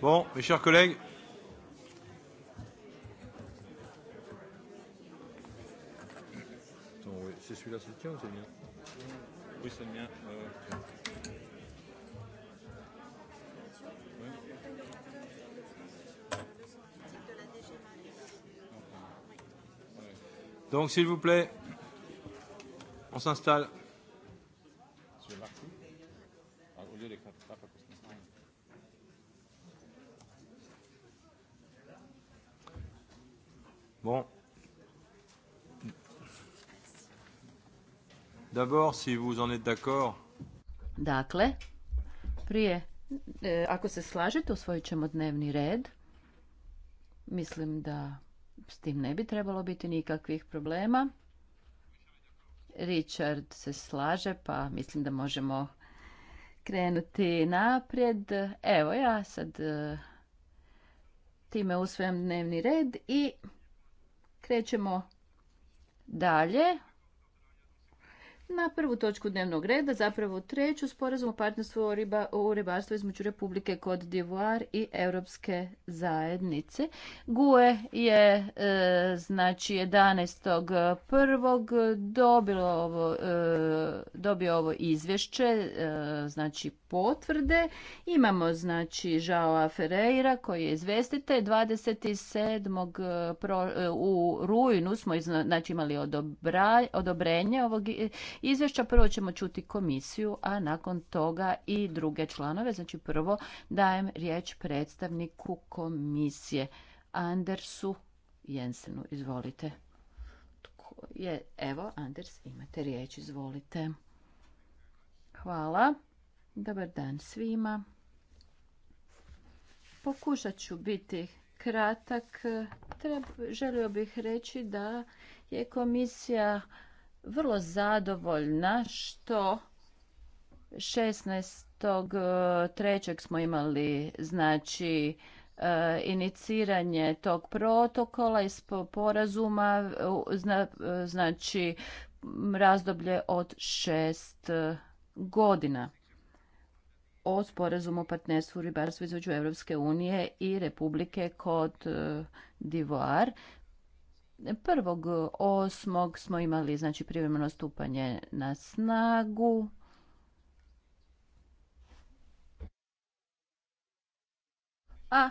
Bon, mes chers collègues. Attends, oui, c'est celui-là, c'est le tien ou c'est le mien Oui, c'est le mien. Euh... Donc, s'il vous plaît, on s'installe. Dakle, prije, e, ako se slažete, usvojit ćemo dnevni red. Mislim da s tim ne bi trebalo biti nikakvih problema. Richard se slaže, pa mislim da možemo krenuti naprijed. Evo ja sad e, time usvojam dnevni red i krećemo dalje na prvu točku dnevnog reda, zapravo treću sporazum o partnerstvu u, ribarstvu između Republike Kod d'Ivoire i Europske zajednice. GUE je e, znači 11.1. E, dobio ovo izvješće, e, znači potvrde. Imamo znači Žao Ferreira koji je izvestite 27. u rujnu smo znači, imali odobrenje ovog izvješća. Prvo ćemo čuti komisiju, a nakon toga i druge članove. Znači prvo dajem riječ predstavniku komisije Andersu Jensenu. Izvolite. je, evo, Anders, imate riječ, izvolite. Hvala. Dobar dan svima. Pokušat ću biti kratak. želio bih reći da je komisija vrlo zadovoljna što 16.3. smo imali znači e, iniciranje tog protokola iz sporazuma e, znači razdoblje od šest godina o sporazumu o partnerstvu u ribarstvu između Europske unije i Republike kod e, Divoar Prvog eh, osmog smo imali znači privremeno stupanje na snagu. A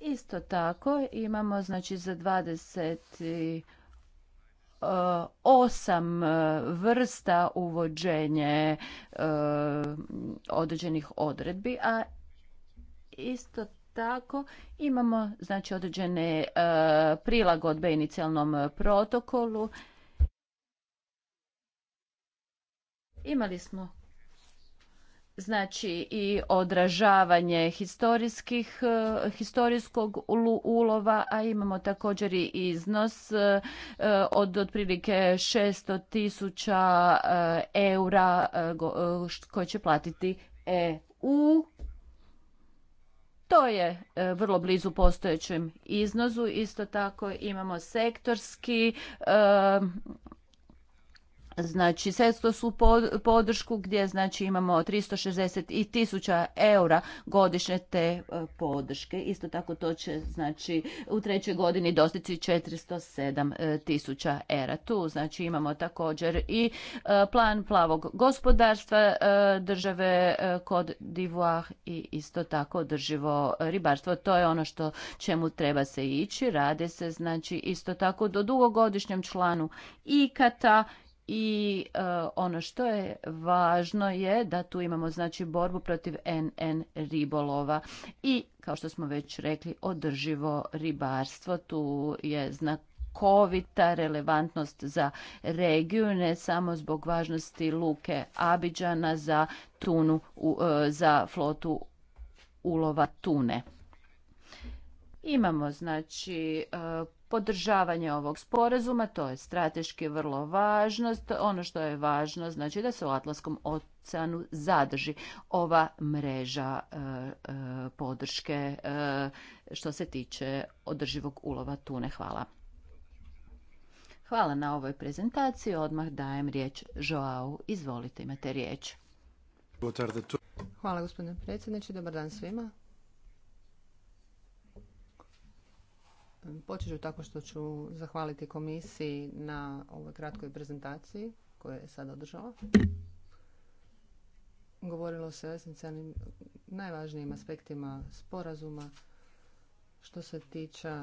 isto tako imamo znači za 28 eh, vrsta uvođenje eh, određenih odredbi, a isto tako imamo znači određene e, prilagodbe inicijalnom protokolu. Imali smo znači i odražavanje historijskih, e, historijskog ulova, a imamo također i iznos e, od otprilike 600 tisuća eura koje će platiti EU to je e, vrlo blizu postojećem iznosu. Isto tako imamo sektorski e, znači su podršku gdje znači imamo 360 i tisuća eura godišnje te e, podrške. Isto tako to će znači u trećoj godini dostići 407 tisuća eura. Tu znači imamo također i e, plan plavog gospodarstva e, države kod Divuah i isto tako drživo ribarstvo. To je ono što čemu treba se ići. Rade se znači isto tako do dugogodišnjem članu IKATA i e, ono što je važno je da tu imamo znači borbu protiv NN ribolova i kao što smo već rekli održivo ribarstvo tu je znakovita relevantnost za regiju, ne samo zbog važnosti luke Abidžana za, tunu, e, za flotu ulova tune. Imamo znači e, podržavanje ovog sporazuma, to je strateški vrlo važnost. Ono što je važno znači da se u Atlaskom oceanu zadrži ova mreža e, e, podrške e, što se tiče održivog ulova tune. Hvala. Hvala na ovoj prezentaciji. Odmah dajem riječ Joao. Izvolite, imate riječ. Hvala gospodine predsjedniče. Dobar dan svima. Počet ću tako što ću zahvaliti komisiji na ovoj kratkoj prezentaciji koju je sada održala. Govorilo se o esencijalnim najvažnijim aspektima sporazuma što se tiče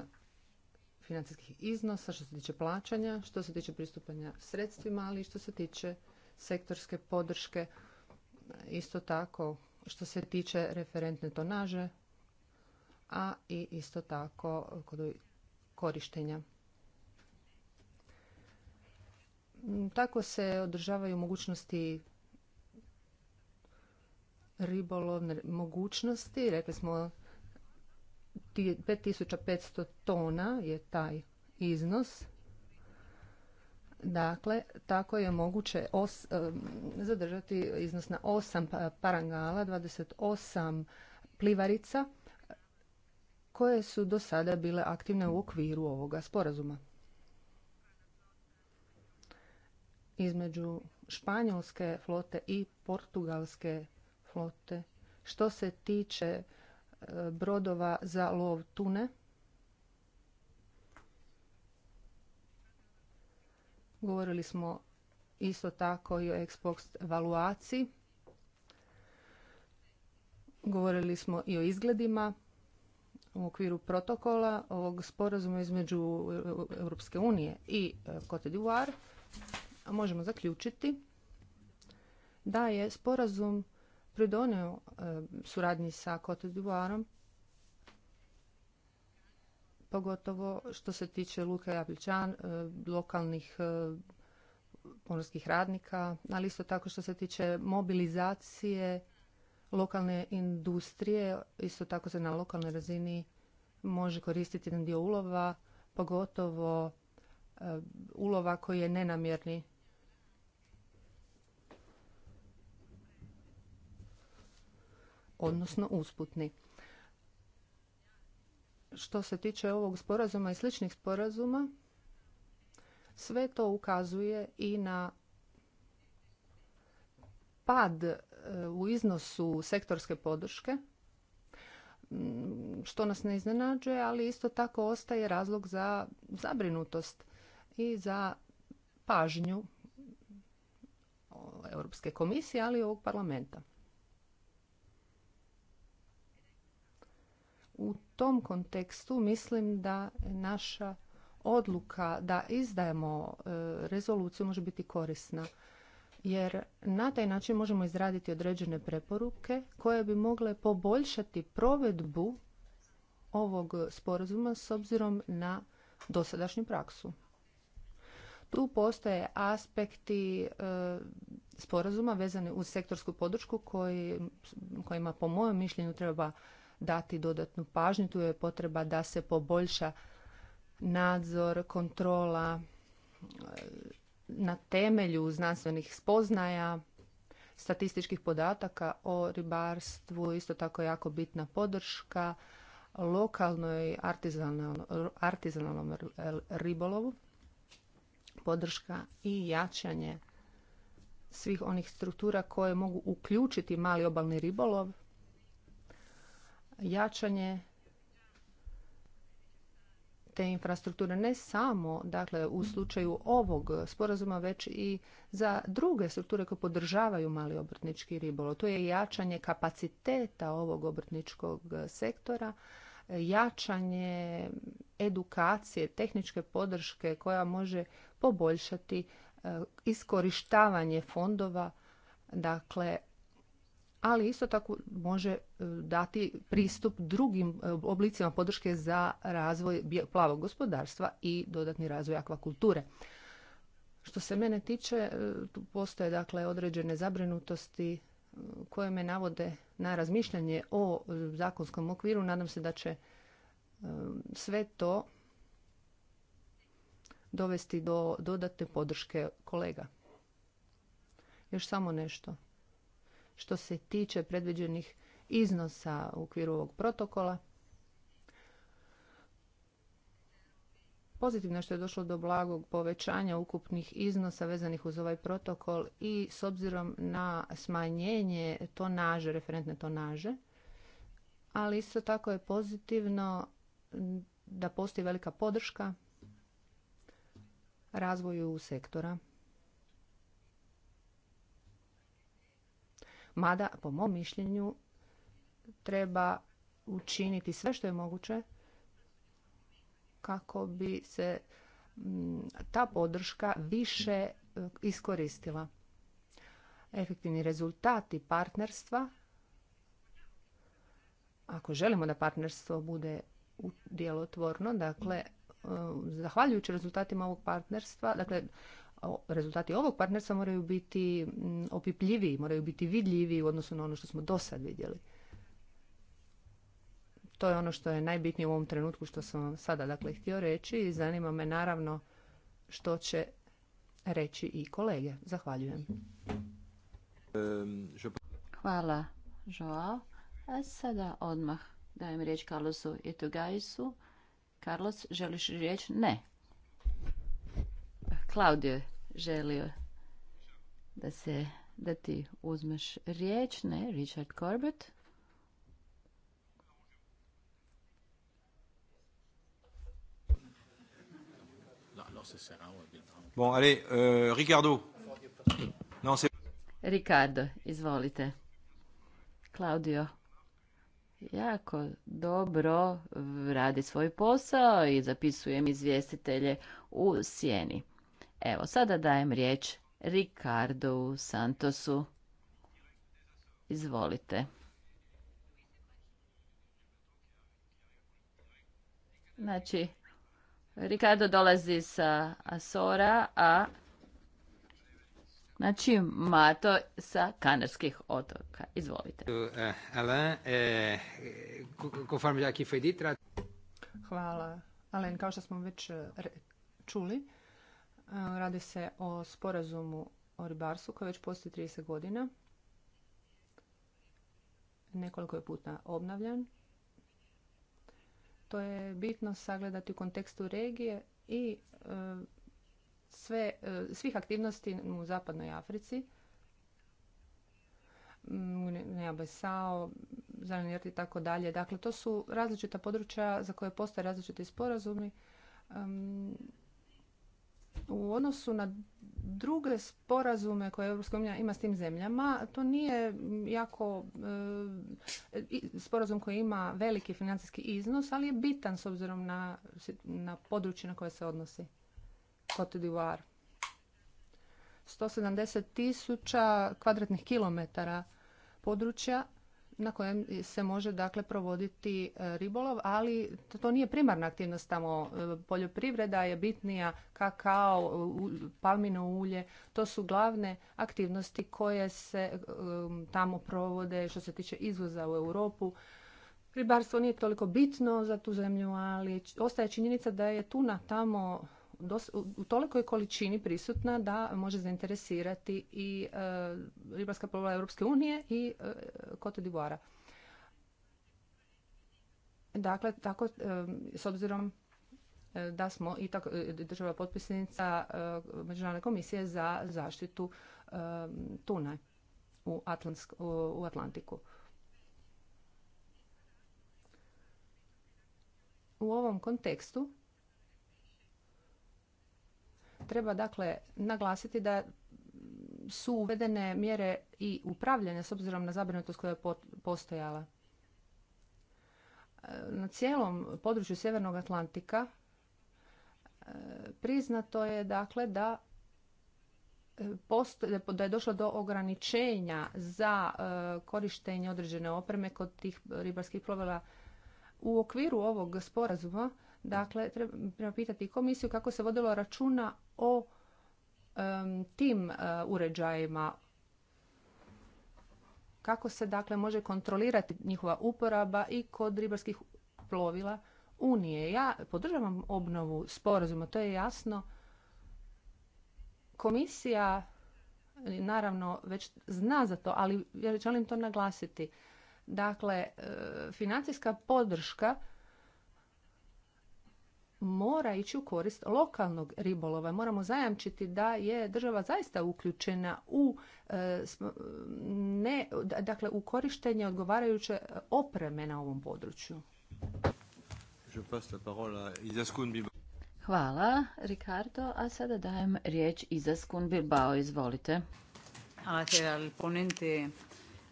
financijskih iznosa, što se tiče plaćanja, što se tiče pristupanja sredstvima, ali i što se tiče sektorske podrške. Isto tako što se tiče referentne tonaže, a i isto tako kod korištenja. Tako se održavaju mogućnosti ribolovne mogućnosti. Rekli smo 5500 tona je taj iznos. Dakle, tako je moguće zadržati iznos na 8 parangala, 28 plivarica koje su do sada bile aktivne u okviru ovoga sporazuma. Između španjolske flote i portugalske flote što se tiče e, brodova za lov tune Govorili smo isto tako i o ekspost valuaciji. Govorili smo i o izgledima u okviru protokola ovog sporazuma između Europske unije i e, Cote d'Ivoire možemo zaključiti da je sporazum pridonio e, suradnji sa Cote d'Ivoireom pogotovo što se tiče Luka Jabljičan, e, lokalnih pomorskih radnika, ali isto tako što se tiče mobilizacije Lokalne industrije, isto tako se na lokalnoj razini može koristiti jedan dio ulova, pogotovo eh, ulova koji je nenamjerni. Odnosno usputni. Što se tiče ovog sporazuma i sličnih sporazuma, sve to ukazuje i na pad e, u iznosu sektorske podrške, mm, što nas ne iznenađuje, ali isto tako ostaje razlog za zabrinutost i za pažnju Europske komisije, ali i ovog parlamenta. U tom kontekstu mislim da naša odluka da izdajemo e, rezoluciju može biti korisna jer na taj način možemo izraditi određene preporuke koje bi mogle poboljšati provedbu ovog sporazuma s obzirom na dosadašnju praksu. Tu postoje aspekti e, sporazuma vezani uz sektorsku podršku koji, kojima po mojem mišljenju treba dati dodatnu pažnju. Tu je potreba da se poboljša nadzor, kontrola, e, na temelju znanstvenih spoznaja, statističkih podataka o ribarstvu, isto tako jako bitna podrška lokalnoj artizanalnom ribolovu, podrška i jačanje svih onih struktura koje mogu uključiti mali obalni ribolov, jačanje te infrastrukture ne samo dakle u slučaju ovog sporazuma već i za druge strukture koje podržavaju mali obrtnički ribolov. To je jačanje kapaciteta ovog obrtničkog sektora, jačanje edukacije, tehničke podrške koja može poboljšati e, iskorištavanje fondova dakle ali isto tako može e, dati pristup drugim e, oblicima podrške za razvoj plavog gospodarstva i dodatni razvoj akvakulture. Što se mene tiče, e, tu postoje dakle određene zabrinutosti koje me navode na razmišljanje o zakonskom okviru. Nadam se da će sve to dovesti do dodatne podrške kolega. Još samo nešto što se tiče predviđenih iznosa u okviru ovog protokola. Pozitivno što je došlo do blagog povećanja ukupnih iznosa vezanih uz ovaj protokol i s obzirom na smanjenje tonaže, referentne tonaže, ali isto tako je pozitivno da postoji velika podrška razvoju sektora mada po mom mišljenju treba učiniti sve što je moguće kako bi se mm, ta podrška više e, iskoristila. Efektivni rezultati partnerstva, ako želimo da partnerstvo bude djelotvorno, dakle, e, zahvaljujući rezultatima ovog partnerstva, dakle, rezultati ovog partnerstva moraju biti opipljiviji, moraju biti vidljiviji u odnosu na ono što smo do sad vidjeli. To je ono što je najbitnije u ovom trenutku što sam sada dakle htio reći i zanima me naravno što će reći i kolege. Zahvaljujem. Hvala, Joao. A sada odmah dajem riječ Carlosu Itugaisu. Carlos, želiš riječ? Ne. Claudio želio da se da ti uzmeš riječ, ne, Richard Corbett. Bon, allez, euh, Ricardo. Non, Ricardo, izvolite. Claudio jako dobro radi svoj posao i zapisujem izvjestitelje u sjeni. Evo, sada dajem riječ Ricardo Santosu. Izvolite. Znači, Ricardo dolazi sa Asora, a znači Mato sa Kanarskih otoka. Izvolite. Uh, eh, eh, Hvala. Alen, kao što smo već eh, čuli, Radi se o sporazumu o ribarstvu koji već postoji 30 godina. Nekoliko je puta obnavljan. To je bitno sagledati u kontekstu regije i e, e, svih aktivnosti u zapadnoj Africi. Mm, ne Besao, i tako dalje. Dakle, to su različita područja za koje postoje različiti sporazumi. U odnosu na druge sporazume koje EU ima s tim zemljama, to nije jako e, sporazum koji ima veliki financijski iznos, ali je bitan s obzirom na, na područje na koje se odnosi. Cote d'Ivoire. 170 tisuća kvadratnih kilometara područja na kojem se može dakle provoditi e, ribolov, ali to nije primarna aktivnost tamo. E, poljoprivreda je bitnija, kakao, palmino ulje, to su glavne aktivnosti koje se e, um, tamo provode što se tiče izvoza u Europu. Ribarstvo nije toliko bitno za tu zemlju, ali ostaje činjenica da je tuna tamo u tolikoj količini prisutna da može zainteresirati i e, ribarska plovila Europske unije i Kote e, d'Ivoire. Dakle, tako, e, s obzirom da smo i tako, država potpisnica Međunarodne komisije za zaštitu tuna u, u Atlantiku. U ovom kontekstu Treba dakle naglasiti da su uvedene mjere i upravljanja s obzirom na zabrinutost koja je postojala. E, na cijelom području Sjevernog Atlantika e, priznato je dakle da e, da je došlo do ograničenja za korištenje određene opreme kod tih ribarskih plovila u okviru ovog sporazuma dakle treba pitati komisiju kako se vodilo računa o tim e, uređajima kako se dakle može kontrolirati njihova uporaba i kod ribarskih plovila Unije. Ja podržavam obnovu sporazuma, to je jasno. Komisija naravno već zna za to, ali ja želim to naglasiti. Dakle, e, financijska podrška mora ići u korist lokalnog ribolova. Moramo zajamčiti da je država zaista uključena u e, ne, dakle u korištenje odgovarajuće opreme na ovom području. Hvala, Ricardo. A sada dajem riječ Izaskun Bilbao. Izvolite. al ponente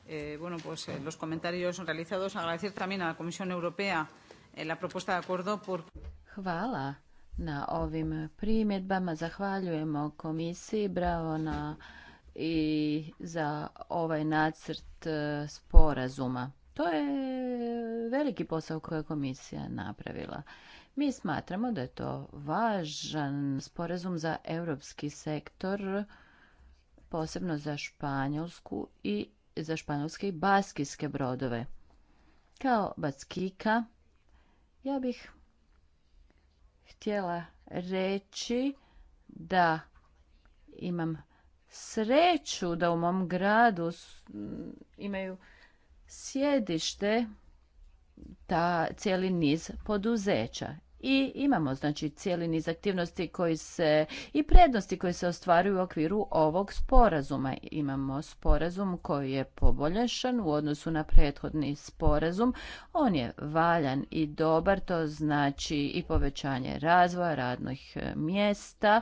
Eh, bueno, pues eh, los comentarios realizados. Agradecer también a la Comisión Europea eh, la propuesta de acuerdo por. Hvala na ovim primjedbama. Zahvaljujemo komisiji. Bravo na i za ovaj nacrt e, sporazuma. To je veliki posao koji je komisija napravila. Mi smatramo da je to važan sporazum za europski sektor, posebno za Španjolsku i za španjolske i baskijske brodove. Kao baskika, ja bih htjela reći da imam sreću da u mom gradu imaju sjedište ta cijeli niz poduzeća i imamo znači cijeli niz aktivnosti koji se i prednosti koje se ostvaruju u okviru ovog sporazuma. Imamo sporazum koji je poboljšan u odnosu na prethodni sporazum. On je valjan i dobar, to znači i povećanje razvoja radnih mjesta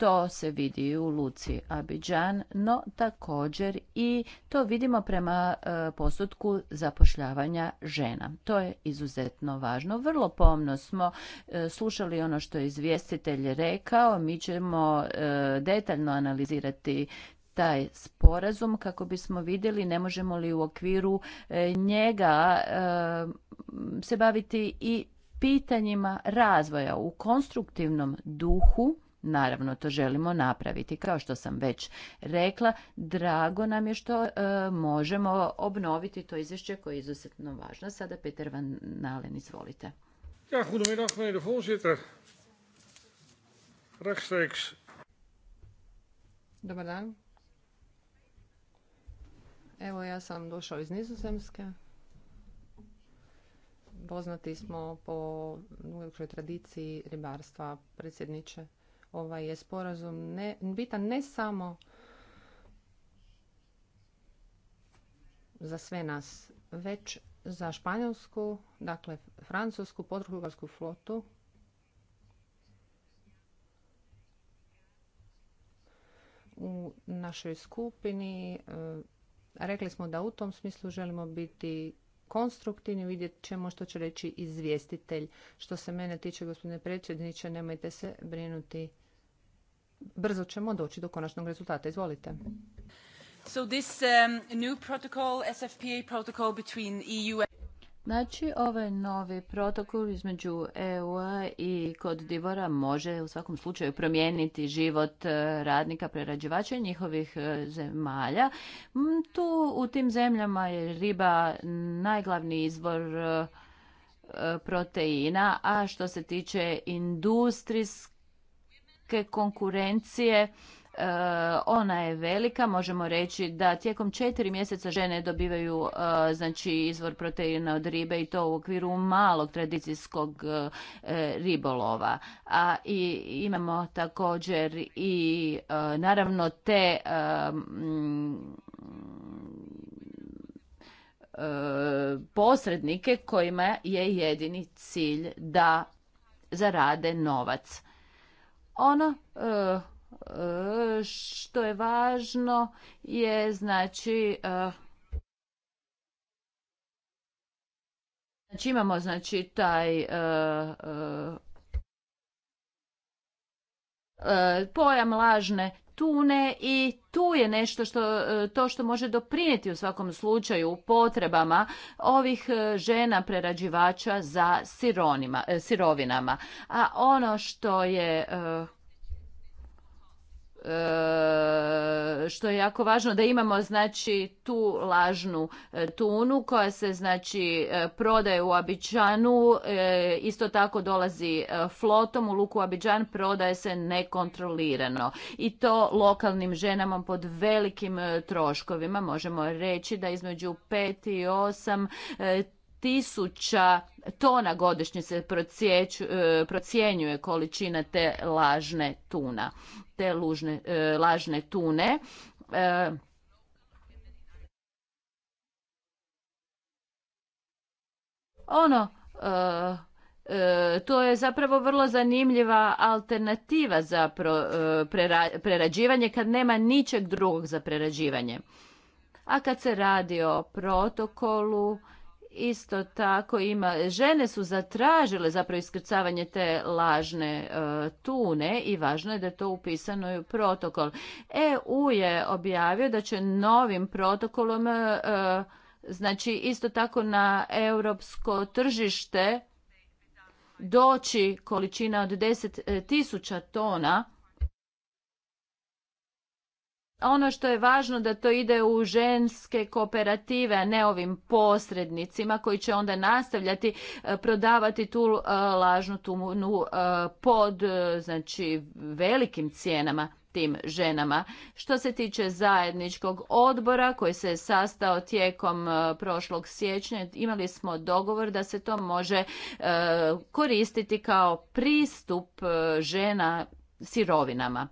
to se vidi u Luci Abidjan, no također i to vidimo prema e, postotku zapošljavanja žena. To je izuzetno važno. Vrlo pomno smo e, slušali ono što je izvjestitelj rekao. Mi ćemo e, detaljno analizirati taj sporazum kako bismo vidjeli ne možemo li u okviru njega se baviti i pitanjima razvoja u konstruktivnom duhu Naravno, to želimo napraviti. Kao što sam već rekla, drago nam je što e, možemo obnoviti to izvješće koje je izuzetno važno. Sada Peter Van Nalen, izvolite. meneer voorzitter. Rechtstreeks. Dobar dan. Evo, ja sam došao iz Nizozemske. Poznati smo po tradiciji ribarstva, predsjedniče. Ovaj je sporazum ne, bitan ne samo za sve nas, već za španjolsku, dakle francusku, portugalsku flotu u našoj skupini. Eh, rekli smo da u tom smislu želimo biti konstruktivni, vidjet ćemo što će reći izvjestitelj. Što se mene tiče, gospodine predsjedniče, nemojte se brinuti brzo ćemo doći do konačnog rezultata. Izvolite. So this um, new protocol, SFPA protocol between EU Znači, ovaj novi protokol između eu i kod Divora može u svakom slučaju promijeniti život e, radnika, prerađivača i njihovih e, zemalja. Mm, tu u tim zemljama je riba najglavni izvor e, proteina, a što se tiče industrijskog konkurencije e, ona je velika, možemo reći da tijekom četiri mjeseca žene dobivaju e, znači izvor proteina od ribe i to u okviru malog tradicijskog e, ribolova. A i imamo također i naravno te posrednike kojima je jedini cilj da zarade novac ono e, e, što je važno je znači e, Znači imamo znači taj pojam lažne tune i tu je nešto što, e, to što može doprinijeti u svakom slučaju potrebama ovih e, žena prerađivača za e, sirovinama. A ono što je E, što je jako važno da imamo znači tu lažnu e, tunu koja se znači e, prodaje u Abidžanu isto tako dolazi flotom u luku Abidžan prodaje se nekontrolirano i to lokalnim ženama pod velikim troškovima možemo reći da između 5 i 8 tisuća tona godišnje se e, procjenjuje količina te lažne tuna, te lužne, e, lažne tune. E, ono, to je zapravo vrlo zanimljiva alternativa za prerađivanje kad nema ničeg drugog za prerađivanje. A kad se radi o protokolu isto tako ima, žene su zatražile zapravo iskrcavanje te lažne e, tune i važno je da je to upisano u protokol. EU je objavio da će novim protokolom, e, znači isto tako na europsko tržište doći količina od 10.000 tona ono što je važno da to ide u ženske kooperative, a ne ovim posrednicima koji će onda nastavljati e, prodavati tu e, lažnu tumunu e, pod znači, velikim cijenama tim ženama. Što se tiče zajedničkog odbora koji se je sastao tijekom prošlog siječnja, imali smo dogovor da se to može koristiti kao pristup žena sirovinama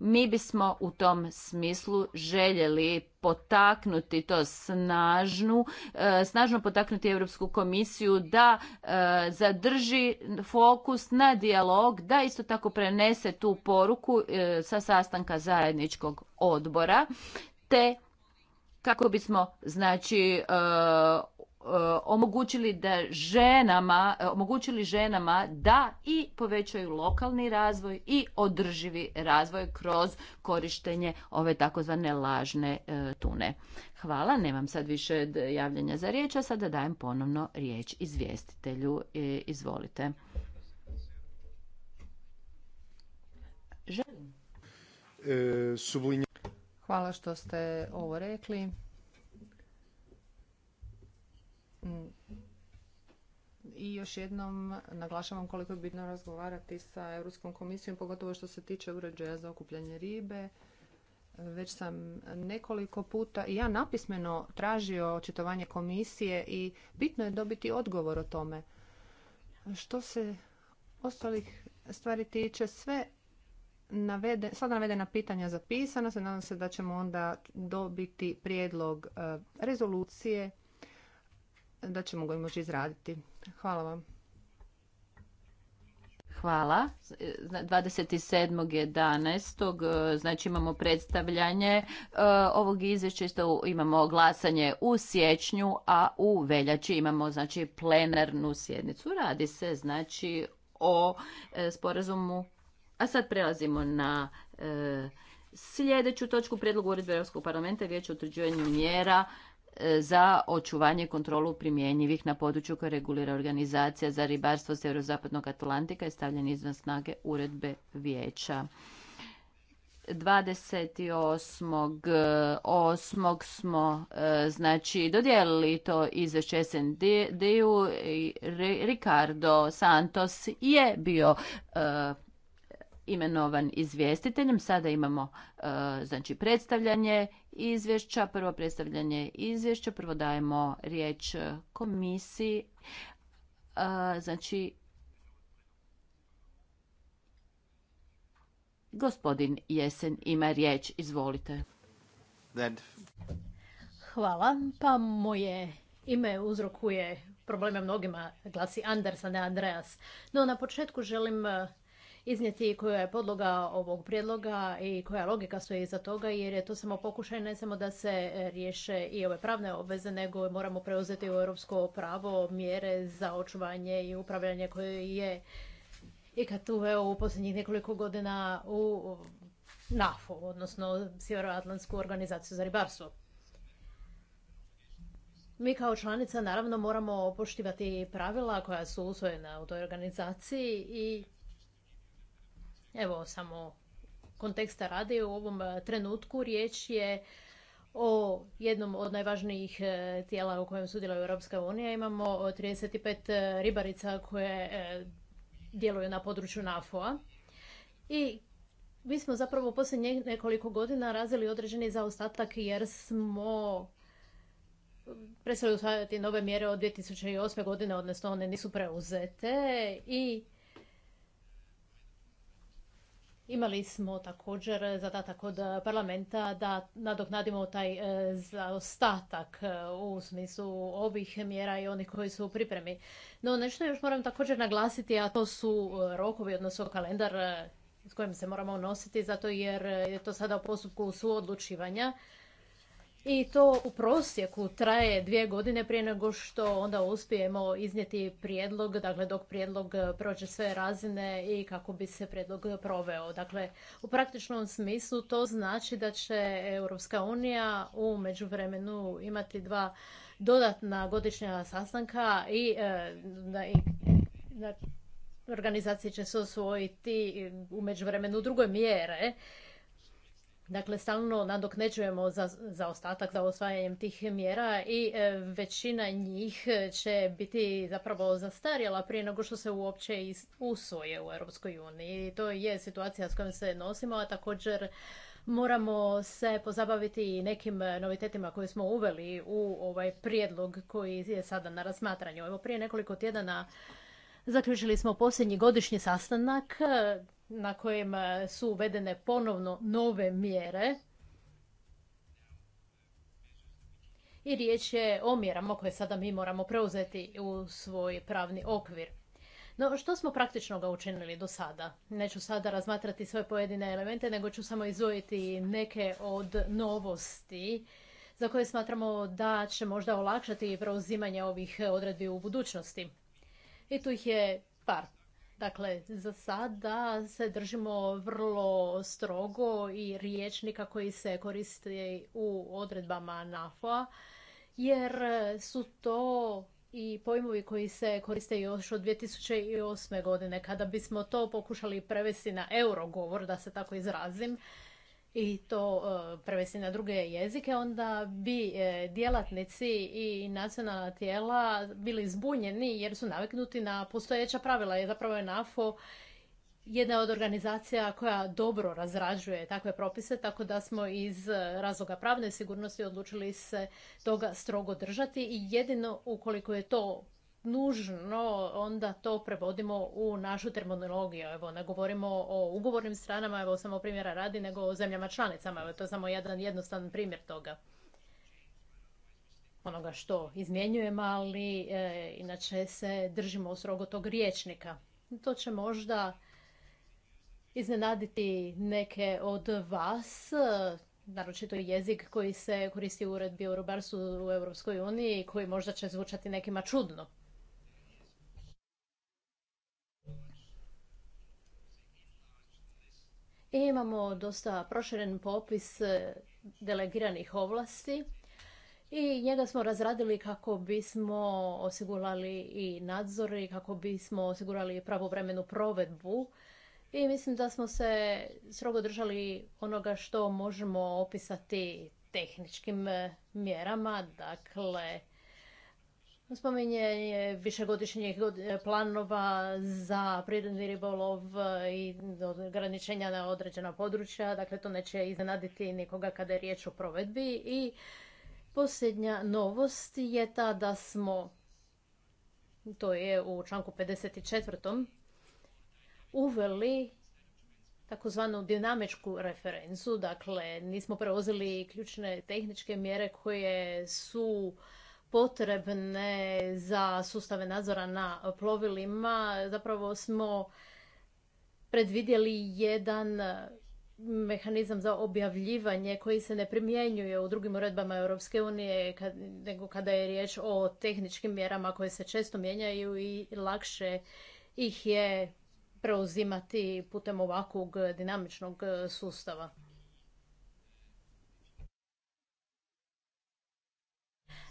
mi bismo u tom smislu željeli potaknuti to snažnu, e, snažno potaknuti Europsku komisiju da e, zadrži fokus na dijalog, da isto tako prenese tu poruku e, sa sastanka zajedničkog odbora, te kako bismo znači E, omogućili da ženama, e, omogućili ženama da i povećaju lokalni razvoj i održivi razvoj kroz korištenje ove takozvane lažne e, tune. Hvala, nemam sad više javljanja za riječ, a sada dajem ponovno riječ izvjestitelju. Izvolite. Hvala što ste ovo rekli i još jednom naglašavam koliko je bitno razgovarati sa Europskom komisijom, pogotovo što se tiče uređaja za okupljanje ribe. Već sam nekoliko puta ja napismeno tražio očitovanje komisije i bitno je dobiti odgovor o tome. Što se ostalih stvari tiče, sve navedena pitanja zapisana se, nadam se da ćemo onda dobiti prijedlog e, rezolucije da ćemo ga moći izraditi. Hvala vam. Hvala. 27.11. E, znači imamo predstavljanje e, ovog izvješća, isto imamo glasanje u siječnju, a u veljači imamo znači plenarnu sjednicu. Radi se znači o e, sporazumu. A sad prelazimo na sljedeću točku prijedlogu uredbe Europskog parlamenta, riječ o utvrđivanju mjera E, za očuvanje kontrolu primjenjivih na području koje regulira organizacija za ribarstvo Sjeverozapadnog Atlantika i stavljanje izvan snage uredbe vijeća. 28.8. E, smo e, znači dodijelili to izvješće SND-u. Ricardo Santos je bio imenovan izvjestiteljem. Sada imamo e, znači predstavljanje izvješća, prvo predstavljanje izvješća, prvo dajemo riječ komisiji. E, znači Gospodin Jesen ima riječ, izvolite. Hvala, pa moje ime uzrokuje probleme mnogima, glasi Anders, a ne Andreas. No na početku želim iznijeti koja je podloga ovog prijedloga i koja logika stoji iza toga, jer je to samo pokušaj ne samo da se e, riješe i ove pravne obveze, nego moramo preuzeti u europsko pravo mjere za očuvanje i upravljanje koje je i kad uveo u posljednjih nekoliko godina u NAFO, odnosno Sjeveroatlantsku organizaciju za ribarstvo. Mi kao članica naravno moramo poštivati pravila koja su usvojena u toj organizaciji i Evo samo konteksta radi u ovom e, trenutku riječ je o jednom od najvažnijih e, tijela u kojem sudjeluje Europska unija. Imamo 35 e, ribarica koje djeluju na području NAFO-a. I mi smo zapravo posljednjih nekoliko godina razili određeni zaostatak jer smo prestali usvajati nove mjere od 2008. godine, odnosno one nisu preuzete i Imali smo također zadatak od parlamenta da nadoknadimo taj e, zaostatak e, u smislu ovih mjera i onih koji su u pripremi. No nešto još moram također naglasiti, a to su e, rokovi, odnosno kalendar s kojim se moramo nositi, zato jer je to sada u postupku suodlučivanja i to u prosjeku traje dvije godine prije nego što onda uspijemo iznijeti prijedlog, dakle dok prijedlog e, prođe sve razine i kako bi se prijedlog proveo. Dakle, u praktičnom smislu to znači da će Europska unija u međuvremenu imati dva dodatna godišnja sastanka i e, da i, organizacije će se osvojiti u međuvremenu druge mjere Dakle, stalno nadokneđujemo za, za ostatak za osvajanjem tih mjera i e, većina njih e, će biti zapravo zastarjela prije nego što se uopće is, usvoje u Europskoj uniji. To je situacija s kojom se nosimo, a također moramo se pozabaviti i nekim e, novitetima koje smo uveli u ovaj prijedlog koji je sada na razmatranju. Evo prije nekoliko tjedana Zaključili smo posljednji godišnji sastanak na kojem e, su uvedene ponovno nove mjere. I riječ je o mjerama koje sada mi moramo preuzeti u svoj pravni okvir. No, što smo praktično ga učinili do sada? Neću sada razmatrati sve pojedine elemente, nego ću samo izvojiti neke od novosti za koje smatramo da će možda olakšati preuzimanje ovih odredbi u budućnosti. I tu ih je par. Dakle, za sada se držimo vrlo strogo i riječnika koji se koriste u odredbama NAFO-a, jer su to i pojmovi koji se koriste još od 2008. godine. Kada bismo to pokušali prevesti na eurogovor, da se tako izrazim, i to e, prevesti na druge jezike, onda bi e, djelatnici i nacionalna tijela bili zbunjeni jer su naviknuti na postojeća pravila. Je zapravo je NAFO jedna od organizacija koja dobro razrađuje takve propise, tako da smo iz razloga pravne sigurnosti odlučili se toga strogo držati i jedino ukoliko je to nužno onda to prevodimo u našu terminologiju. Evo, ne govorimo o ugovornim stranama, evo samo primjera radi, nego o zemljama članicama. Evo, to je samo jedan jednostavan primjer toga onoga što izmjenjujemo, ali e, inače se držimo strogo tog riječnika. To će možda iznenaditi neke od vas, naročito jezik koji se koristi u uredbi u u EU i koji možda će zvučati nekima čudno. imamo dosta proširen popis e, delegiranih ovlasti i njega smo razradili kako bismo osigurali i nadzor i kako bismo osigurali pravovremenu provedbu. I mislim da smo se strogo držali onoga što možemo opisati tehničkim e, mjerama, dakle Spominje višegodišnjih planova za prirodni ribolov i ograničenja na određena područja. Dakle, to neće iznenaditi nikoga kada je riječ o provedbi. I posljednja novost je ta da smo, to je u članku 54. uveli takozvanu dinamičku referencu. Dakle, nismo preuzeli ključne tehničke mjere koje su potrebne za sustave nadzora na plovilima, zapravo smo predvidjeli jedan mehanizam za objavljivanje koji se ne primjenjuje u drugim uredbama Europske unije, nego kada je riječ o tehničkim mjerama koje se često mijenjaju i lakše ih je preuzimati putem ovakvog dinamičnog sustava.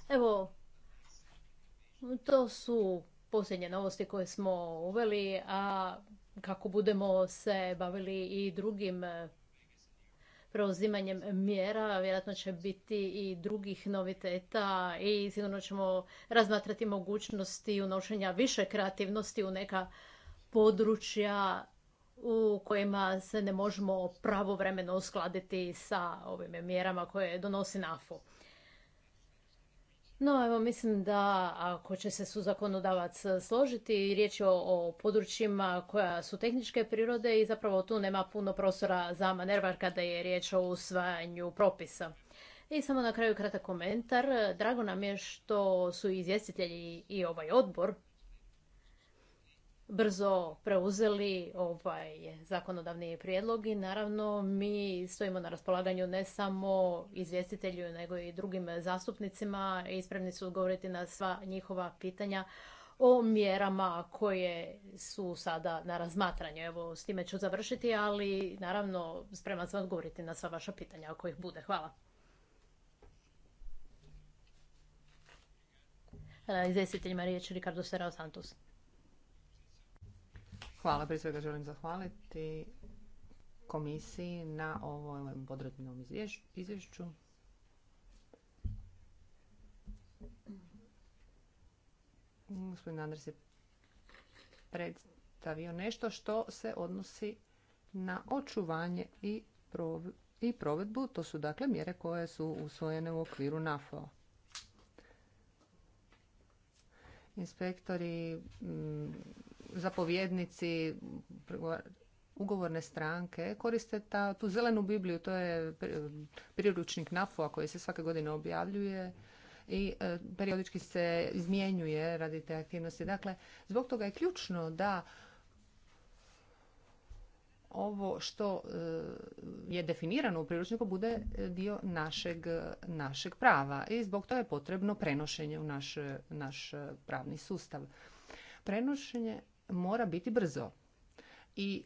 Evo, to su posljednje novosti koje smo uveli, a kako budemo se bavili i drugim e, preuzimanjem mjera, vjerojatno će biti i drugih noviteta i sigurno ćemo razmatrati mogućnosti unošenja više kreativnosti u neka područja u kojima se ne možemo pravovremeno uskladiti sa ovim mjerama koje donosi NAFO. No, evo, mislim da ako će se suzakonodavac e, složiti, riječ je o, o područjima koja su tehničke prirode i zapravo tu nema puno prostora za manervar kada je riječ o usvajanju propisa. I samo na kraju kratak komentar. Drago nam je što su izvjestitelji i ovaj odbor brzo preuzeli ovaj zakonodavni prijedlog i naravno mi stojimo na raspolaganju ne samo izvjestitelju nego i drugim zastupnicima i spremni su odgovoriti na sva njihova pitanja o mjerama koje su sada na razmatranju. Evo, s time ću završiti, ali naravno spreman sam odgovoriti na sva vaša pitanja ako ih bude. Hvala. Izvjestiteljima riječ Ricardo Serao Santos. Hvala, prije svega želim zahvaliti komisiji na ovom podrednom izvješću. Gospodin Andres je predstavio nešto što se odnosi na očuvanje i, provedbu. To su dakle mjere koje su usvojene u okviru NAFO. Inspektori zapovjednici ugovorne stranke koriste ta, tu zelenu Bibliju, to je e, priručnik NAFO-a koji se svake godine objavljuje i e, periodički se izmjenjuje radi te aktivnosti. Dakle, zbog toga je ključno da ovo što e, je definirano u priručniku bude dio našeg, našeg prava i zbog toga je potrebno prenošenje u naš, naš pravni sustav. Prenošenje mora biti brzo. I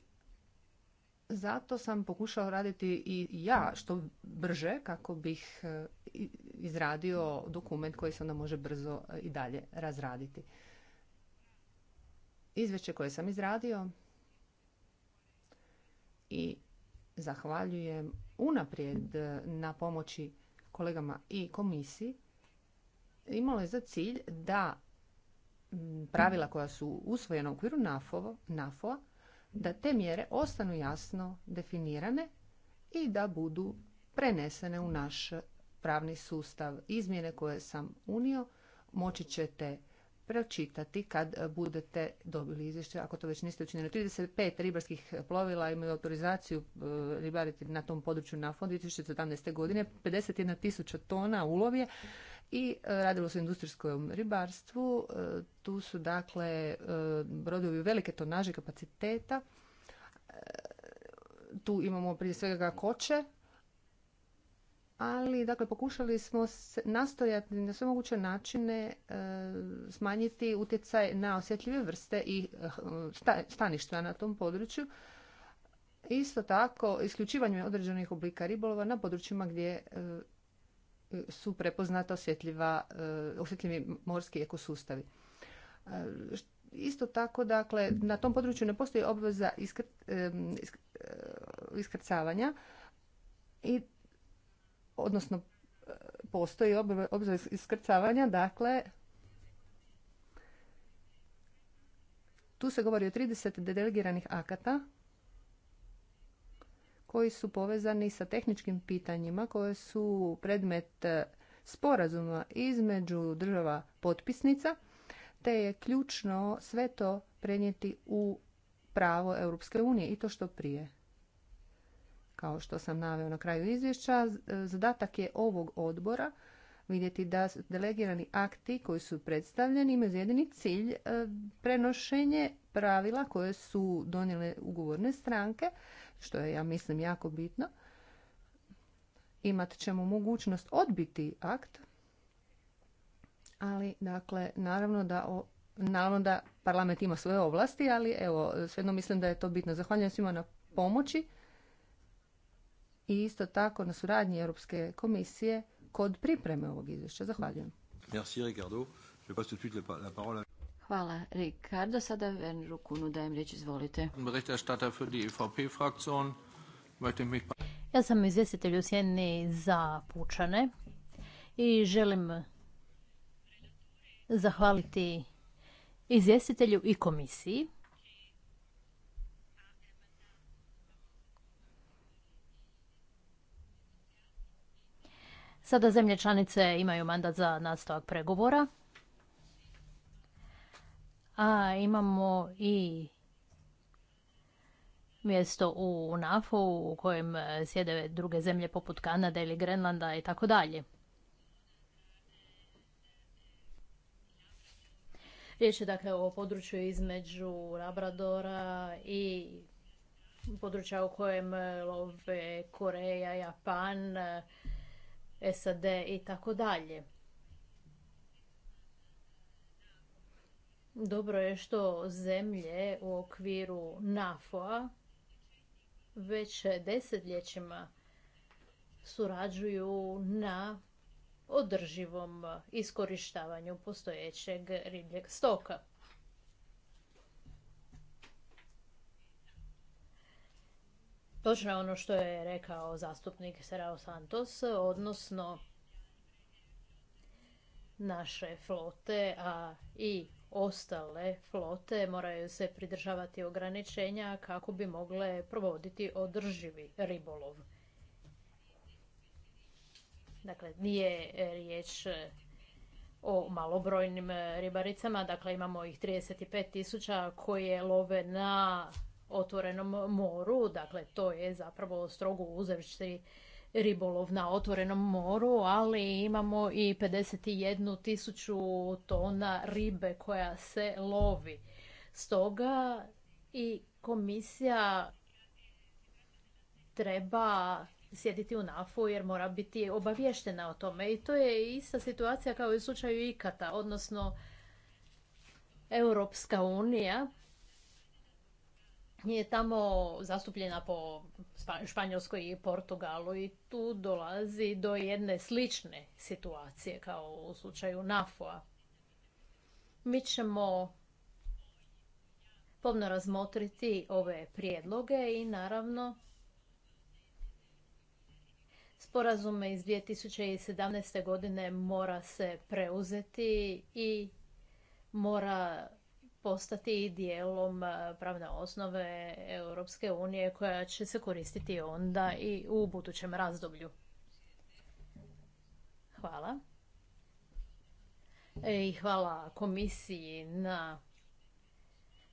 zato sam pokušao raditi i ja što brže kako bih e, izradio dokument koji se onda može brzo e, i dalje razraditi. Izvješće koje sam izradio i zahvaljujem unaprijed e, na pomoći kolegama i komisiji imalo je za cilj da pravila koja su usvojena u okviru NAFO-a, da te mjere ostanu jasno definirane i da budu prenesene u naš pravni sustav. Izmjene koje sam unio moći ćete pročitati kad budete dobili izvješće, ako to već niste učinili. 35 ribarskih plovila imaju autorizaciju e, ribariti na tom području na fond 2017. godine, 51 tisuća tona ulovje i e, radilo se o industrijskom ribarstvu. E, tu su dakle e, brodovi velike tonaže kapaciteta. Tu imamo prije svega koče, ali dakle pokušali smo nastojati na sve moguće načine smanjiti utjecaj na osjetljive vrste i staništa na tom području. Isto tako, isključivanje određenih oblika ribolova na područjima gdje su prepoznata osjetljiva, e, osjetljivi morski ekosustavi. E, isto tako, dakle, na tom području ne postoji obveza iskr, e, iskrcavanja i odnosno postoji obveza iskrcavanja, dakle, tu se govori o 30 delegiranih akata koji su povezani sa tehničkim pitanjima koje su predmet e, sporazuma između država potpisnica, te je ključno sve to prenijeti u pravo Europske unije i to što prije. Kao što sam naveo na kraju izvješća, e, zadatak je ovog odbora vidjeti da delegirani akti koji su predstavljeni imaju jedini cilj e, prenošenje pravila koje su donijele ugovorne stranke, što je, ja mislim, jako bitno. Imat ćemo mogućnost odbiti akt, ali, dakle, naravno da o Naravno da parlament ima svoje ovlasti, ali evo, svejedno mislim da je to bitno. Zahvaljujem svima na pomoći i isto tako na suradnji Europske komisije kod pripreme ovog izvješća. Zahvaljujem. Merci Ricardo. Je tout de la parole Hvala, Ricardo. Sada Venru Kunu dajem riječ, izvolite. E ja sam izvjestitelj u Sjeni za Pučane i želim zahvaliti izvjestitelju i komisiji. Sada zemlje članice imaju mandat za nastavak pregovora a imamo i mjesto u NAFO u kojem e, sjede druge zemlje poput Kanade ili Grenlanda i tako dalje. Riječ je dakle o području između Labradora i područja u kojem e, love Koreja, Japan, e, SAD i tako dalje. Dobro je što zemlje u okviru NAFO-a već desetljećima surađuju na održivom iskorištavanju postojećeg ribljeg stoka. Točno ono što je rekao zastupnik Serao Santos, odnosno naše flote, a i ostale flote moraju se pridržavati ograničenja kako bi mogle provoditi održivi ribolov. Dakle, nije riječ o malobrojnim ribaricama, dakle imamo ih 35 tisuća koje love na otvorenom moru, dakle to je zapravo strogo uzevši ribolov na otvorenom moru, ali imamo i 51 tisuću tona ribe koja se lovi. Stoga i komisija treba sjediti u NAFU jer mora biti obavještena o tome. I to je ista situacija kao i u slučaju IKATA, odnosno Europska unija je tamo zastupljena po Španjolskoj i Portugalu i tu dolazi do jedne slične situacije kao u slučaju NAFO-a. Mi ćemo pomno razmotriti ove prijedloge i naravno sporazume iz 2017. godine mora se preuzeti i mora postati dijelom e, pravne osnove Europske unije koja će se koristiti onda i u budućem razdoblju. Hvala. E, I hvala komisiji na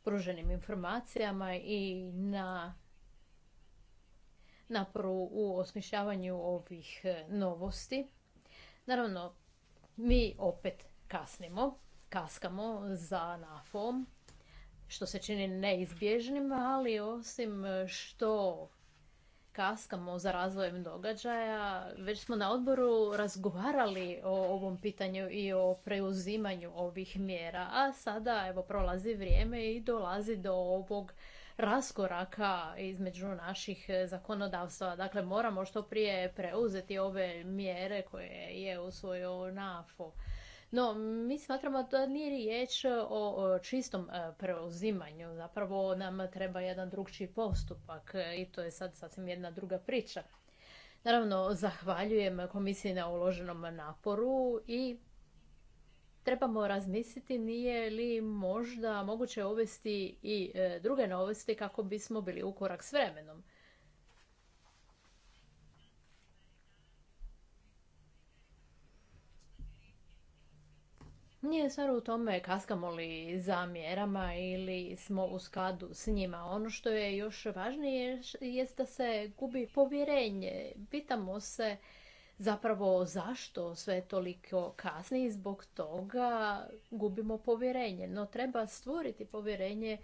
pruženim informacijama i na naporu u osmišljavanju ovih e, novosti. Naravno, mi opet kasnimo kaskamo za NAFOM, što se čini neizbježnim, ali osim što kaskamo za razvojem događaja, već smo na odboru razgovarali o ovom pitanju i o preuzimanju ovih mjera, a sada evo prolazi vrijeme i dolazi do ovog raskoraka između naših zakonodavstva. Dakle, moramo što prije preuzeti ove mjere koje je usvojio NAFO. No, mi smatramo da nije riječ e, o čistom e, preuzimanju. Zapravo nam treba jedan drugčiji postupak e, i to je sad sasvim jedna druga priča. Naravno, zahvaljujem komisiji na uloženom naporu i trebamo razmisliti nije li možda moguće uvesti i druge novosti kako bismo bili u korak s vremenom. Nije stvar u tome kaskamo li za mjerama ili smo u skladu s njima. Ono što je još važnije jest da se gubi povjerenje. Pitamo se zapravo zašto sve toliko kasni i zbog toga gubimo povjerenje. No treba stvoriti povjerenje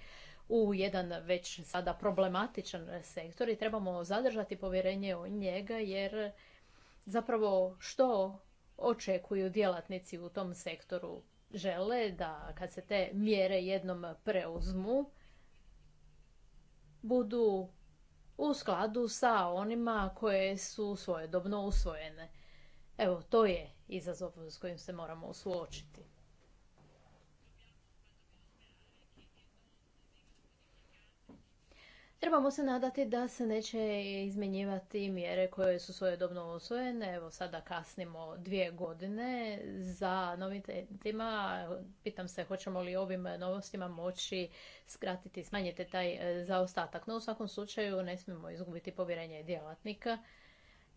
u jedan već sada problematičan sektor i trebamo zadržati povjerenje u njega jer zapravo što očekuju djelatnici u tom sektoru žele da kad se te mjere jednom preuzmu budu u skladu sa onima koje su svojedobno usvojene. Evo, to je izazov s kojim se moramo suočiti. Trebamo se nadati da se neće izmenjivati mjere koje su dobno usvojene. Evo sada kasnimo dvije godine za novitetima. Pitam se hoćemo li ovim novostima moći skratiti, smanjiti taj e, zaostatak. No u svakom slučaju ne smijemo izgubiti povjerenje djelatnika.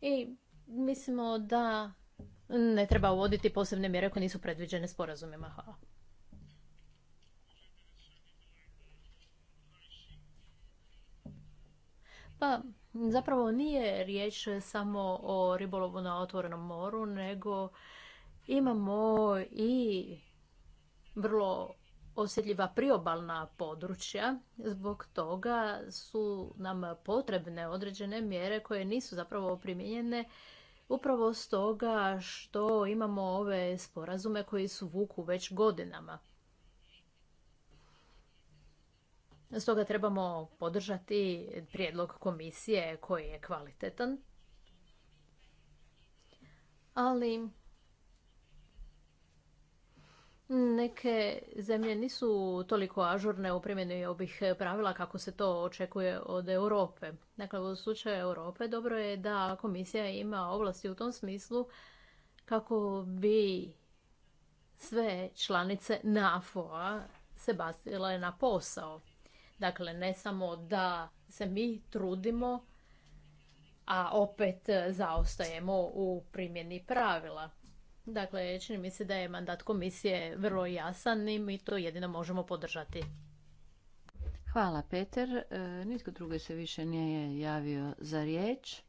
I mislimo da ne treba uvoditi posebne mjere koje nisu predviđene sporazumima. Hvala. Pa, zapravo nije riječ samo o ribolovu na otvorenom moru, nego imamo i vrlo osjetljiva priobalna područja. Zbog toga su nam potrebne određene mjere koje nisu zapravo primijenjene upravo stoga što imamo ove sporazume koji su vuku već godinama. Stoga trebamo podržati prijedlog komisije koji je kvalitetan. Ali neke zemlje nisu toliko ažurne u primjeni ovih pravila kako se to očekuje od Europe. Dakle, u slučaju Europe dobro je da komisija ima ovlasti u tom smislu kako bi sve članice NAFO-a se bacile na posao. Dakle, ne samo da se mi trudimo, a opet zaostajemo u primjeni pravila. Dakle, čini mi se da je mandat komisije vrlo jasan i mi to jedino možemo podržati. Hvala, Peter. E, nitko drugi se više nije javio za riječ.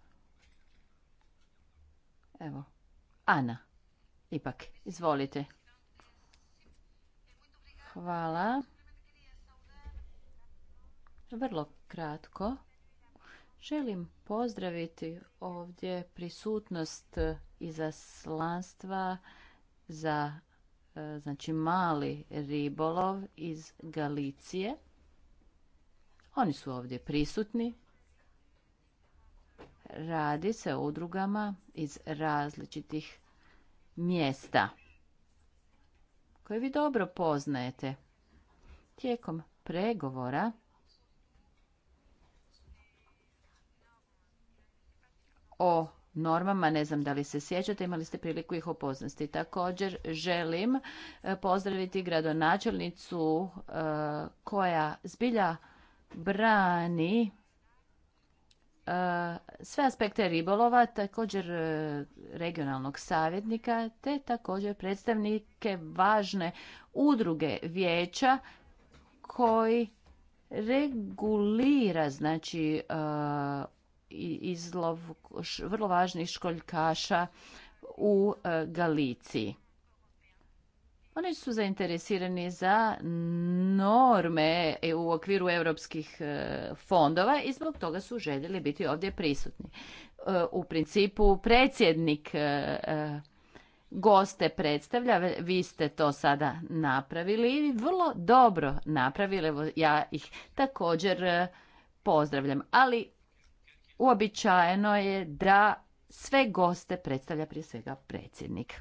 Evo, Ana, ipak, izvolite. Hvala. Vrlo kratko. Želim pozdraviti ovdje prisutnost izaslanstva za e, znači mali ribolov iz Galicije. Oni su ovdje prisutni. Radi se o udrugama iz različitih mjesta koje vi dobro poznajete. Tijekom pregovora o normama, ne znam da li se sjećate, imali ste priliku ih opoznosti. Također želim e, pozdraviti gradonačelnicu e, koja zbilja brani e, sve aspekte ribolova, također regionalnog savjetnika, te također predstavnike važne udruge vijeća koji regulira znači izlov vrlo važnih školjkaša u e, Galiciji. Oni su zainteresirani za norme e, u okviru europskih e, fondova i zbog toga su željeli biti ovdje prisutni. U principu predsjednik goste predstavlja, vi ste to sada napravili i vrlo dobro napravili, ja ih također pozdravljam. Ali uobičajeno je da sve goste predstavlja prije svega predsjednik.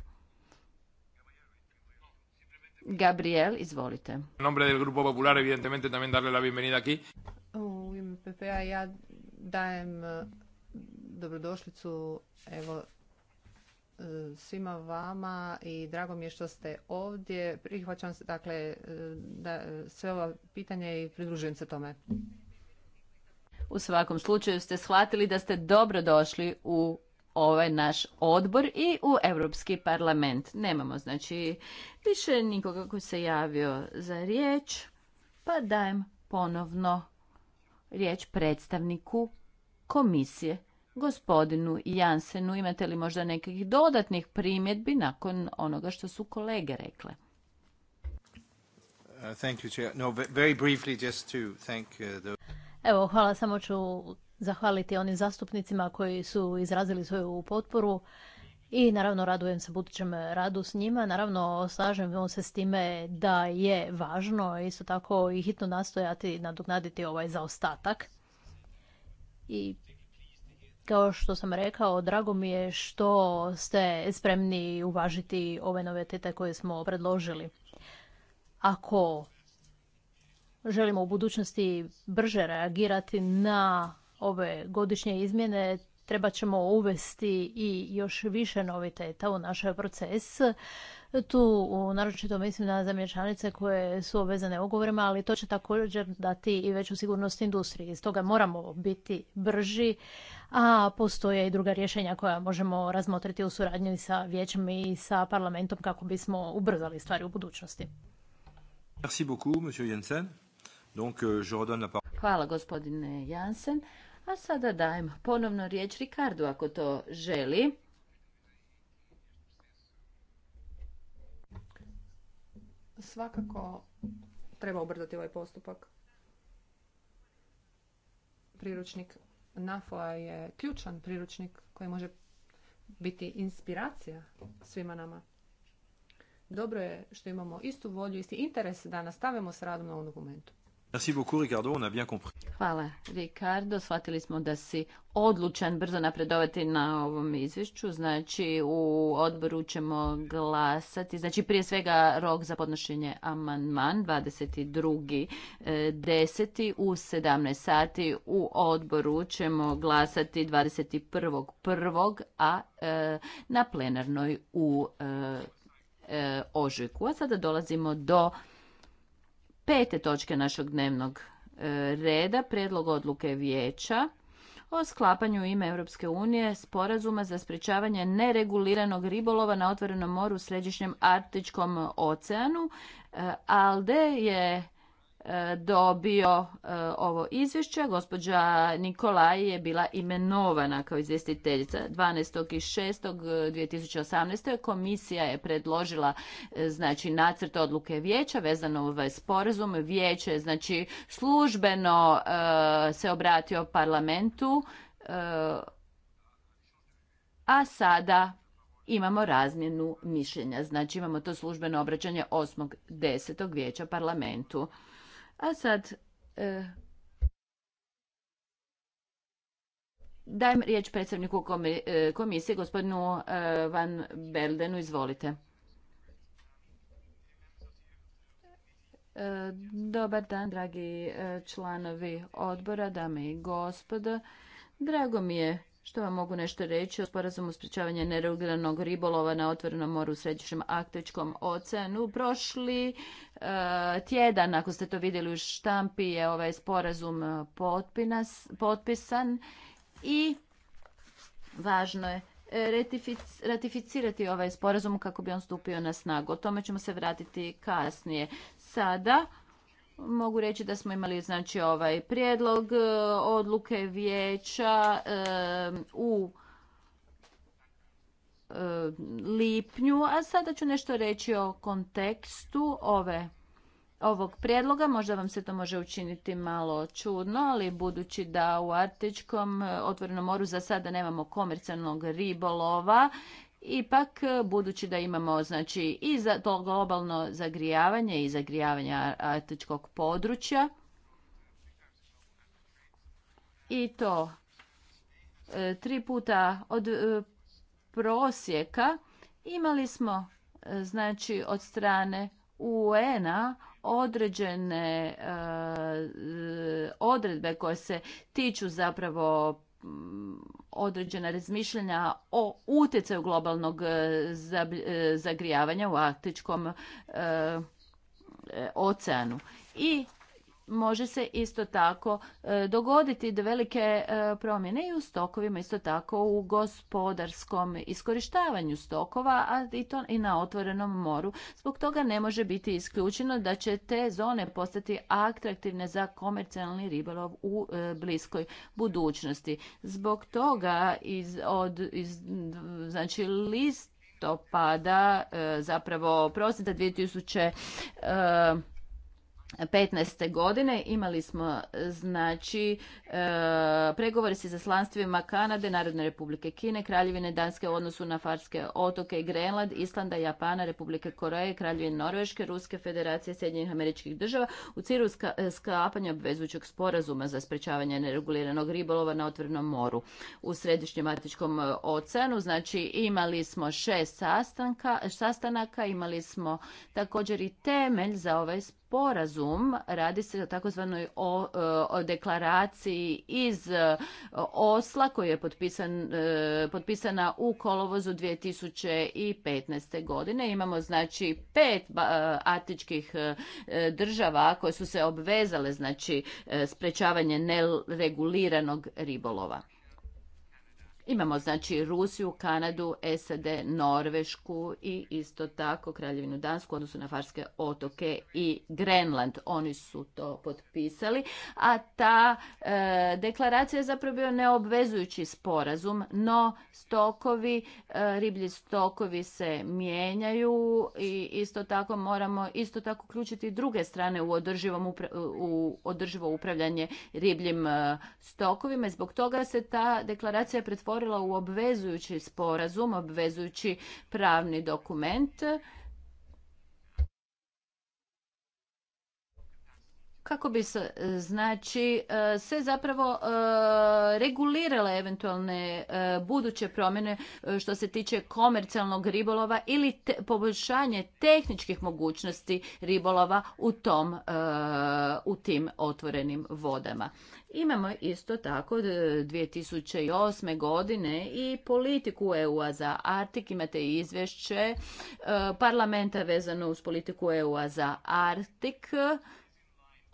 Gabriel, izvolite. Nombre del Grupo Popular, evidentemente, también darle la bienvenida aquí. U ime PPA ja dajem eh, dobrodošlicu evo, eh, svima vama i drago mi je što ste ovdje. Prihvaćam se, dakle, eh, da, sve ova pitanja i pridružujem se tome. U svakom slučaju ste shvatili da ste dobro došli u ovaj naš odbor i u Europski parlament. Nemamo znači više nikoga koji se javio za riječ, pa dajem ponovno riječ predstavniku komisije. Gospodinu Jansenu, imate li možda nekih dodatnih primjedbi nakon onoga što su kolege rekle? Evo, hvala, samo ću zahvaliti onim zastupnicima koji su izrazili svoju potporu i naravno radujem se budućem radu s njima. Naravno, slažem se s time da je važno isto tako i hitno nastojati nadoknaditi ovaj zaostatak. I kao što sam rekao, drago mi je što ste spremni uvažiti ove tete koje smo predložili. Ako želimo u budućnosti brže reagirati na ove godišnje izmjene, treba ćemo uvesti i još više noviteta u naš proces. Tu naročito mislim na zemlje koje su obvezane ugovorima, ali to će također dati i veću sigurnost industriji. Stoga moramo biti brži, a postoje i druga rješenja koja možemo razmotriti u suradnji sa vijećem i sa parlamentom kako bismo ubrzali stvari u budućnosti. Merci beaucoup, Jensen. Euh, Hvala gospodine Jansen. A sada dajem ponovno riječ Rikardu ako to želi. Svakako treba obrzati ovaj postupak. Priručnik NAFO-a je ključan priručnik koji može biti inspiracija svima nama. Dobro je što imamo istu volju, isti interes da nastavimo s radom na ovom dokumentu. Ricardo, Hvala, Ricardo. Shvatili smo da si odlučan brzo napredovati na ovom izvješću. Znači, u odboru ćemo glasati. Znači, prije svega rok za podnošenje amandman 22.10. E, u 17 sati. U odboru ćemo glasati 21.1. a e, na plenarnoj u e, ožujku. A sada dolazimo do pete točke našeg dnevnog e, reda, predlog odluke vijeća o sklapanju ime Europske unije sporazuma za sprječavanje nereguliranog ribolova na otvorenom moru u središnjem Artičkom oceanu. E, ALDE je E, dobio e, ovo izvješće. Gospođa Nikolaj je bila imenovana kao izvjestiteljica 12. i 6. 2018. E, komisija je predložila znači nacrt odluke vijeća vezano ovaj sporazum. Vijeće je znači službeno se obratio parlamentu a sada imamo razmjenu mišljenja. Znači imamo to službeno obraćanje 8.10. vijeća parlamentu. A sad e, Dajem riječ predstavniku e, komisije, gospodinu e, Van Beldenu, izvolite. Dobar dan, dragi članovi odbora, dame i gospodo. Drago mi je što vam mogu nešto reći o sporazumu sprečavanja nereguliranog ribolova na otvorenom moru u središnjem Arktičkom oceanu? Prošli e, tjedan, ako ste to vidjeli u štampi, je ovaj sporazum e, potpisan i važno je e, ratificirati ovaj sporazum kako bi on stupio na snagu. O tome ćemo se vratiti kasnije. Sada Mogu reći da smo imali znači ovaj prijedlog e, odluke vijeća e, u e, lipnju, a sada ću nešto reći o kontekstu ove ovog prijedloga. Možda vam se to može učiniti malo čudno, ali budući da u Artičkom otvorenom moru za sada nemamo komercijalnog ribolova Ipak, e, budući da imamo znači, i za to globalno zagrijavanje i zagrijavanje artičkog područja, i to e, tri puta od e, prosjeka imali smo znači od strane UN-a određene odredbe koje se tiču zapravo određena razmišljanja o utjecaju globalnog e, e, zagrijavanja u Arktičkom e, oceanu. I može se isto tako e, dogoditi da velike e, promjene i u stokovima, isto tako u gospodarskom iskorištavanju stokova, a i to i na otvorenom moru. Zbog toga ne može biti isključeno da će te zone postati atraktivne za komercijalni ribolov u e, bliskoj budućnosti. Zbog toga iz, od, iz, znači list pada zapravo prosinca 2000 15. godine imali smo znači E, pregovori s izaslanstvima Kanade, Narodne republike Kine, Kraljevine Danske u odnosu na Farske otoke i Grenland, Islanda, Japana, Republike Koreje, Kraljevine Norveške, Ruske federacije, Sjedinjenih američkih država u cilju e, sklapanja obvezujućeg sporazuma za sprečavanje nereguliranog ribolova na otvorenom moru u Središnjem Atičkom e, oceanu. Znači imali smo šest sastanka, sastanaka, imali smo također i temelj za ovaj sporazum. Radi se o takozvanoj deklaraciji iz e, Osla koji je potpisan, e, potpisana u kolovozu 2015. godine. Imamo znači pet atičkih e, država koje su se obvezale znači sprečavanje nereguliranog ribolova. Imamo znači Rusiju, Kanadu, SAD, Norvešku i isto tako Kraljevinu Dansku, odnosno na Farske otoke i Grenland. Oni su to potpisali, a ta e, deklaracija je zapravo bio neobvezujući sporazum, no stokovi, e, riblji stokovi se mijenjaju i isto tako moramo isto tako uključiti druge strane u, u održivo upravljanje ribljim e, stokovima. I zbog toga se ta deklaracija pretvorila pretvorila u obvezujući sporazum, obvezujući pravni dokument kako bi se e, znači e, se zapravo e, regulirale eventualne buduće promjene što se tiče komercijalnog ribolova ili poboljšanje tehničkih mogućnosti ribolova u tom u tim otvorenim vodama. Imamo isto tako 2008. godine i politiku EU-a za Artik. Imate izvješće parlamenta vezano uz politiku EU-a za Artik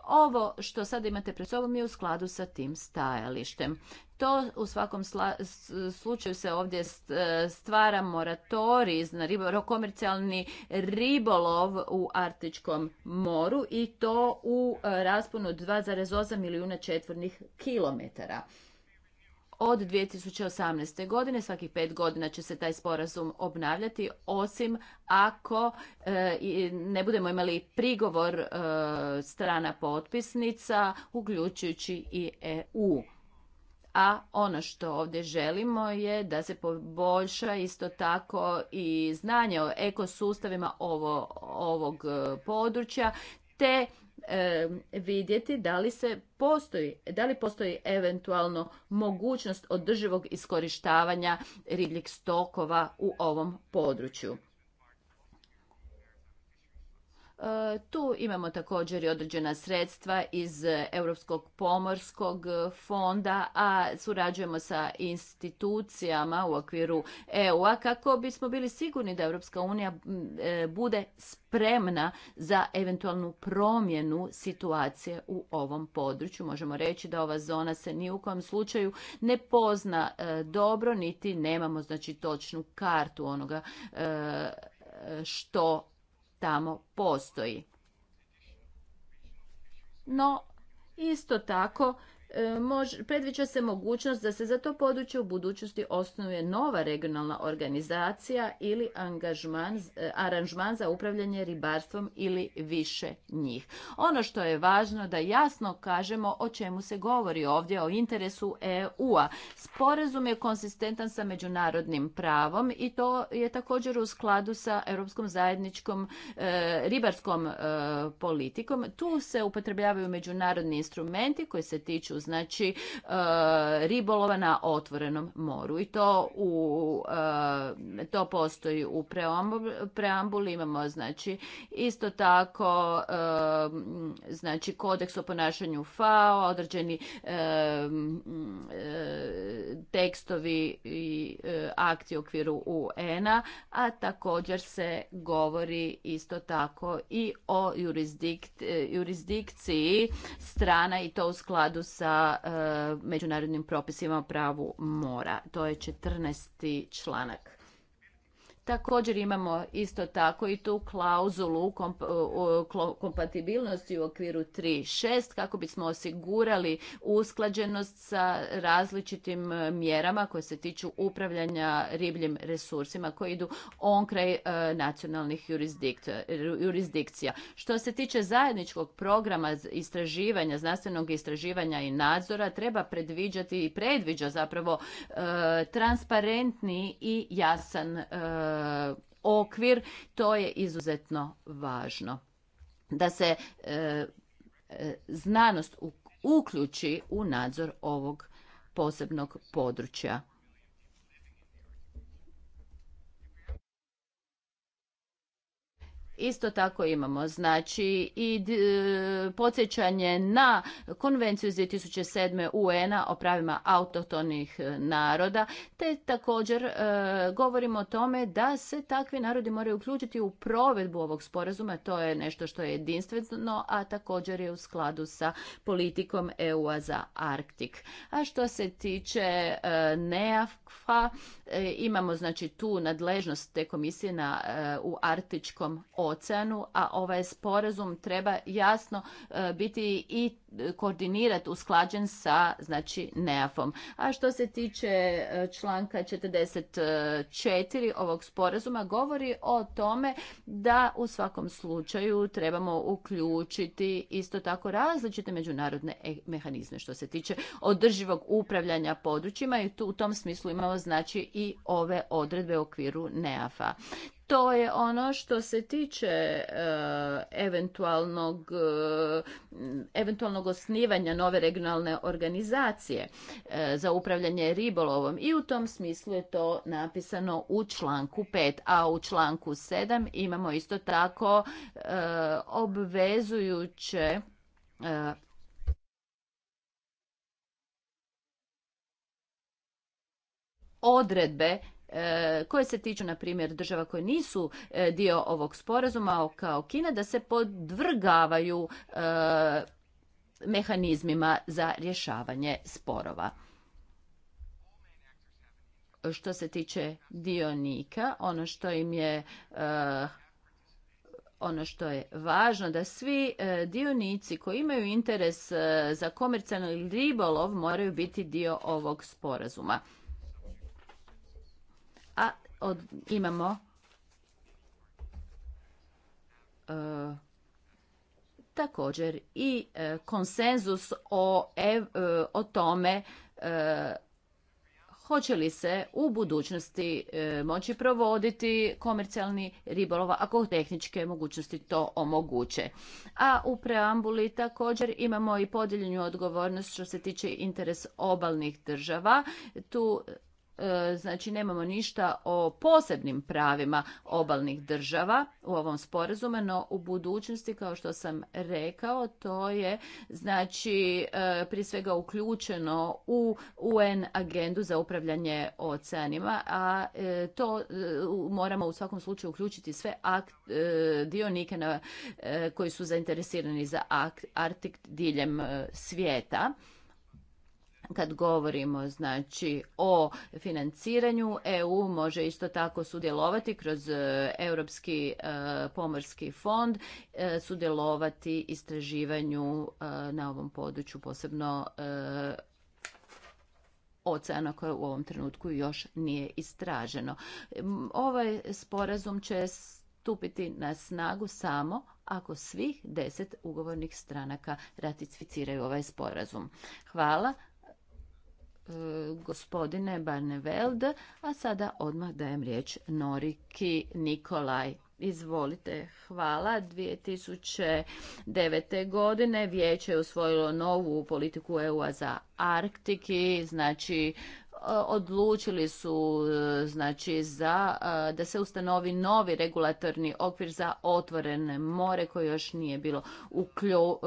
ovo što sad imate pred sobom je u skladu sa tim stajalištem. To u svakom slučaju se ovdje e, stvara moratorij na komercijalni ribolov u Artičkom moru i to u e, rasponu 2,8 milijuna četvornih kilometara od 2018. godine svakih pet godina će se taj sporazum obnavljati osim ako e, ne budemo imali prigovor e, strana potpisnica uključujući i EU. A ono što ovdje želimo je da se poboljša isto tako i znanje o ekosustavima ovog e, područja te vidjeti da li se postoji, da li postoji eventualno mogućnost održivog iskorištavanja ribljih stokova u ovom području. E, tu imamo također i određena sredstva iz Europskog pomorskog fonda, a surađujemo sa institucijama u okviru EU-a kako bismo bili sigurni da Europska unija e, bude spremna za eventualnu promjenu situacije u ovom području. Možemo reći da ova zona se ni u kojem slučaju ne pozna e, dobro, niti nemamo znači točnu kartu onoga što tamo postoji. No, isto tako E, mož, predviđa se mogućnost da se za to područje u budućnosti osnuje nova regionalna organizacija ili e, aranžman za upravljanje ribarstvom ili više njih. Ono što je važno da jasno kažemo o čemu se govori ovdje, o interesu EU-a. Sporazum je konsistentan sa međunarodnim pravom i to je također u skladu sa Europskom zajedničkom e, ribarskom politikom. Tu se upotrebljavaju međunarodni instrumenti koji se tiču znači e, ribolova na otvorenom moru i to u e, to postoji u preambuli imamo znači isto tako e, znači kodeks o ponašanju FAO određeni tekstovi i akcije u okviru UN-a a također se govori isto tako i o jurisdikciji strana i to u skladu sa E, međunarodnim propisima o pravu mora. To je 14. članak. Također imamo isto tako i tu klauzulu kompatibilnosti u okviru 3.6 kako bismo osigurali usklađenost sa različitim e, mjerama koje se tiču upravljanja ribljim resursima koji idu on kraj e, nacionalnih jurisdikcija. Što se tiče zajedničkog programa istraživanja, znanstvenog istraživanja i nadzora, treba predviđati i predviđa zapravo e, transparentni i jasan E, okvir, to je izuzetno važno. Da se e, e, znanost uključi u nadzor ovog posebnog područja. Isto tako imamo znači i e, podsjećanje na konvenciju iz 2007. UN-a o pravima autotonih e, naroda, te također e, govorimo o tome da se takvi narodi moraju uključiti u provedbu ovog sporazuma, to je nešto što je jedinstveno, a također je u skladu sa politikom EU-a za Arktik. A što se tiče e, imamo znači tu nadležnost te komisije na, u Arktičkom oceanu, a ovaj sporazum treba jasno e, biti i koordinirati, usklađen sa znači NEAF-om. A što se tiče e, članka 44 ovog sporazuma, govori o tome da u svakom slučaju trebamo uključiti isto tako različite međunarodne e, mehanizme što se tiče održivog upravljanja područjima i tu u tom smislu imamo znači i ove odredbe u okviru NEAF-a to je ono što se tiče eh, eventualnog, eh, eventualnog osnivanja nove regionalne organizacije eh, za upravljanje ribolovom i u tom smislu je to napisano u članku 5, a u članku 7 imamo isto tako obvezujuće odredbe E, koje se tiču, na primjer, država koje nisu e, dio ovog sporazuma kao Kina, da se podvrgavaju e, mehanizmima za rješavanje sporova. Što se tiče dionika, ono što im je ono što je važno da svi dionici koji imaju interes za komercijalni ribolov moraju biti dio ovog sporazuma a od, imamo e, također i e, konsenzus o, e, o tome hoće li se u budućnosti moći provoditi komercijalni ribolova ako tehničke mogućnosti to omoguće. A u preambuli također imamo i podijeljenju odgovornost što se tiče interes obalnih država. Tu E, znači nemamo ništa o posebnim pravima obalnih država u ovom sporazumu, no u budućnosti kao što sam rekao to je znači e, prije svega uključeno u UN agendu za upravljanje oceanima, a e, to moramo u svakom slučaju uključiti sve akt, dionike koji su zainteresirani za akt, Artik diljem svijeta kad govorimo znači o financiranju EU može isto tako sudjelovati kroz e, europski e, pomorski fond e, sudjelovati istraživanju na ovom području posebno oceana koje u ovom trenutku još nije istraženo. Ovaj sporazum će stupiti na snagu samo ako svih deset ugovornih stranaka ratificiraju ovaj sporazum. Hvala. E, gospodine Barneveld, a sada odmah dajem riječ Noriki Nikolaj. Izvolite, hvala. 2009. godine vijeće je usvojilo novu politiku EU-a za Arktiki, znači e, odlučili su e, znači za da se ustanovi novi regulatorni okvir za otvorene more koji još nije bilo uklju,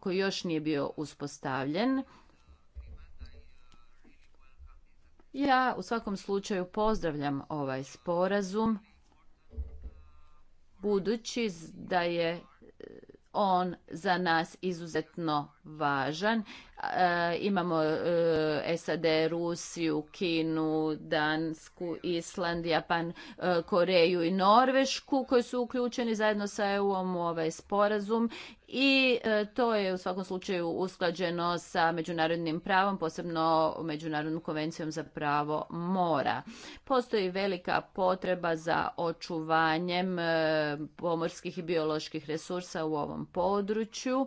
koji još nije bio uspostavljen Ja u svakom slučaju pozdravljam ovaj sporazum, budući da je e, on za nas izuzetno važan E, imamo e, SAD, Rusiju, Kinu, Dansku, Island, Japan, e, Koreju i Norvešku koji su uključeni zajedno sa EU-om u ovaj sporazum i to je u svakom slučaju usklađeno sa međunarodnim pravom, posebno Međunarodnom konvencijom za pravo mora. Postoji velika potreba za očuvanjem pomorskih i bioloških resursa u ovom području.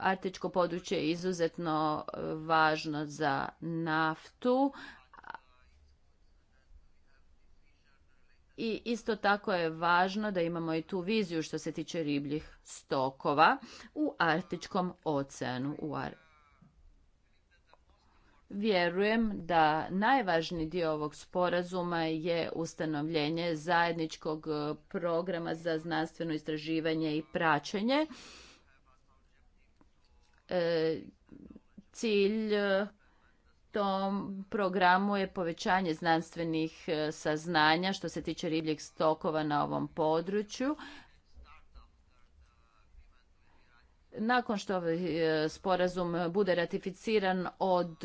Artičko područje je izuzetno e, važno za naftu. I isto tako je važno da imamo i tu viziju što se tiče ribljih stokova u Artičkom oceanu. Vjerujem da najvažniji dio ovog sporazuma je ustanovljenje zajedničkog e, programa za znanstveno istraživanje i praćenje E, cilj e, tom programu je povećanje znanstvenih e, saznanja što se tiče ribljeg stokova na ovom području. Nakon što ovaj sporazum bude ratificiran od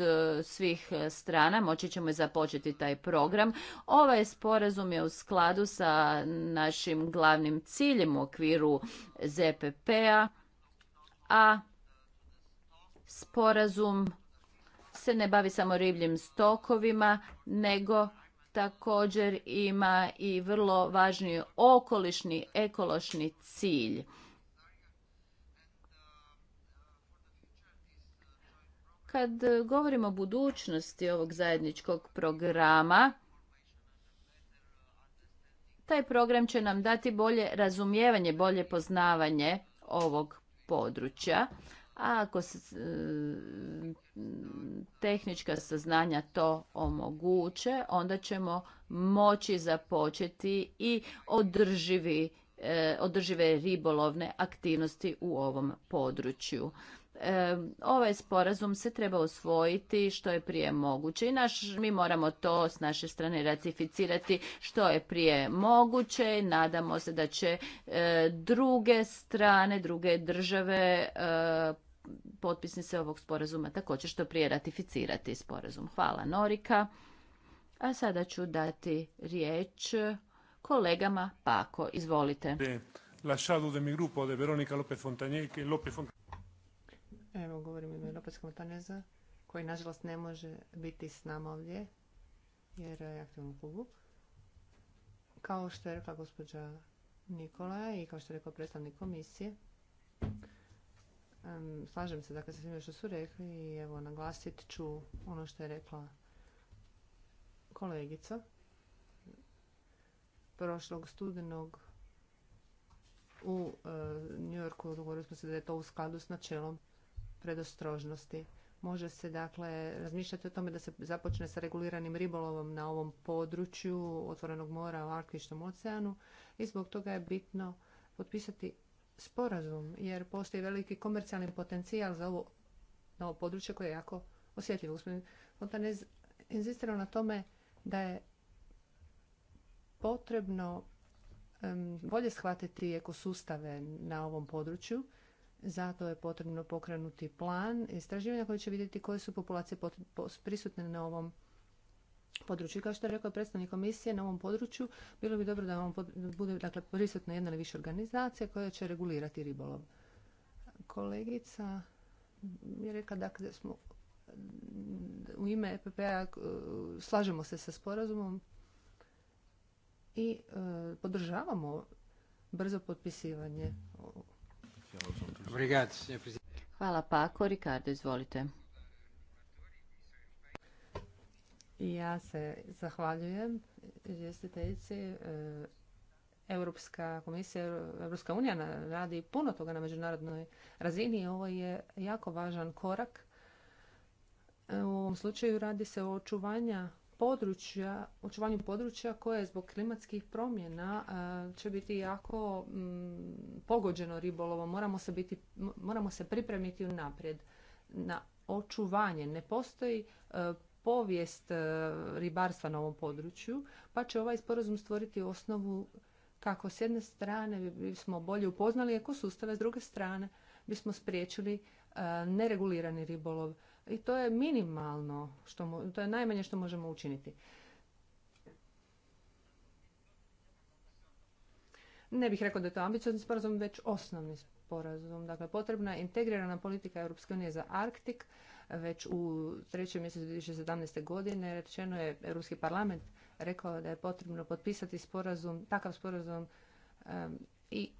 svih strana, moći ćemo i započeti taj program. Ovaj sporazum je u skladu sa našim glavnim ciljem u okviru ZPP-a, a sporazum se ne bavi samo ribljim stokovima, nego također ima i vrlo važni okolišni, ekološni cilj. Kad govorimo o budućnosti ovog zajedničkog programa, taj program će nam dati bolje razumijevanje, bolje poznavanje ovog područja a ako se, tehnička saznanja to omoguće, onda ćemo moći započeti i održivi, e, održive ribolovne aktivnosti u ovom području. E, ovaj sporazum se treba usvojiti što je prije moguće i naš, mi moramo to s naše strane ratificirati što je prije moguće. Nadamo se da će e, druge strane, druge države potpisnice ovog sporazuma također što prije ratificirati sporazum. Hvala Norika. A sada ću dati riječ kolegama Pako. Izvolite. Evo govorim ime Lopez Fontaneza koji nažalost ne može biti s nama ovdje jer je aktivno u klubu. Kao što je rekla gospođa Nikola i kao što je rekao predstavnik komisije, Slažem se dakle sa svime što su rekli i evo naglasit ću ono što je rekla kolegica prošlog studenog u e, New Yorku dogovorili smo se da je to u skladu s načelom predostrožnosti. Može se dakle razmišljati o tome da se započne sa reguliranim ribolovom na ovom području otvorenog mora u Arktičnom oceanu i zbog toga je bitno potpisati sporazum jer postoji veliki komercijalni potencijal za ovo, na područje koje je jako osjetljivo. Gospodin Fontanez inzistirao na tome da je potrebno bolje shvatiti ekosustave na ovom području. Zato je potrebno pokrenuti plan istraživanja koji će vidjeti koje su populacije prisutne na ovom području. Kao što je rekao predstavnik komisije, na ovom području bilo bi dobro da vam bude dakle, prisutna jedna ili više organizacija koja će regulirati ribolov. Kolegica je rekla da dakle, smo u ime EPP-a e, slažemo se sa sporazumom i e, podržavamo brzo potpisivanje. Hvala Pako. Ricardo, izvolite. Ja se zahvaljujem izvjestiteljici. E, Europska komisija, Europska unija radi puno toga na međunarodnoj razini i ovo je jako važan korak. E, u ovom slučaju radi se o očuvanju područja, očuvanju područja koje zbog klimatskih promjena e, će biti jako pogođeno ribolovom. Moramo se, biti, moramo se pripremiti unaprijed na očuvanje. Ne postoji povijest e, ribarstva na ovom području, pa će ovaj sporazum stvoriti osnovu kako s jedne strane bismo bolje upoznali ekosustave, s druge strane bismo spriječili e, neregulirani ribolov. I to je minimalno, što, to je najmanje što možemo učiniti. Ne bih rekao da je to ambiciozni sporazum, već osnovni sporazum. Dakle, potrebna je integrirana politika Europske unije za Arktik, već u trećem mjesecu 2017. godine rečeno je Europski parlament rekao da je potrebno potpisati sporazum, takav sporazum i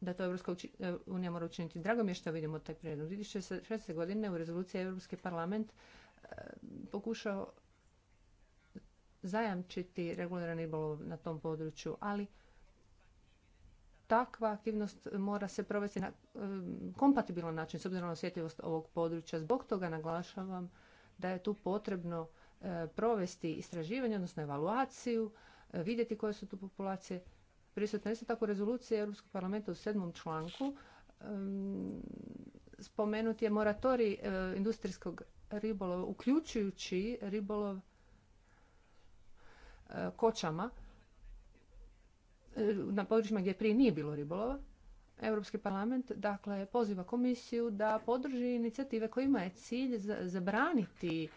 da to Europska e, unija mora učiniti. Drago mi je što vidimo taj prijedlog. 2016. godine u rezoluciji Europski parlament e, pokušao zajamčiti regularni ribolov na tom području, ali takva aktivnost mora se provesti na kompatibilan način s obzirom na osjetljivost ovog područja. Zbog toga naglašavam da je tu potrebno e, provesti istraživanje, odnosno evaluaciju, e, vidjeti koje su tu populacije prisutne. Isto tako rezolucija Europskog parlamenta u sedmom članku spomenut je moratorij e, industrijskog ribolova, uključujući ribolov kočama E, na područjima gdje prije nije bilo ribolova. Europski parlament dakle poziva komisiju da podrži inicijative kojima je cilj zabraniti e,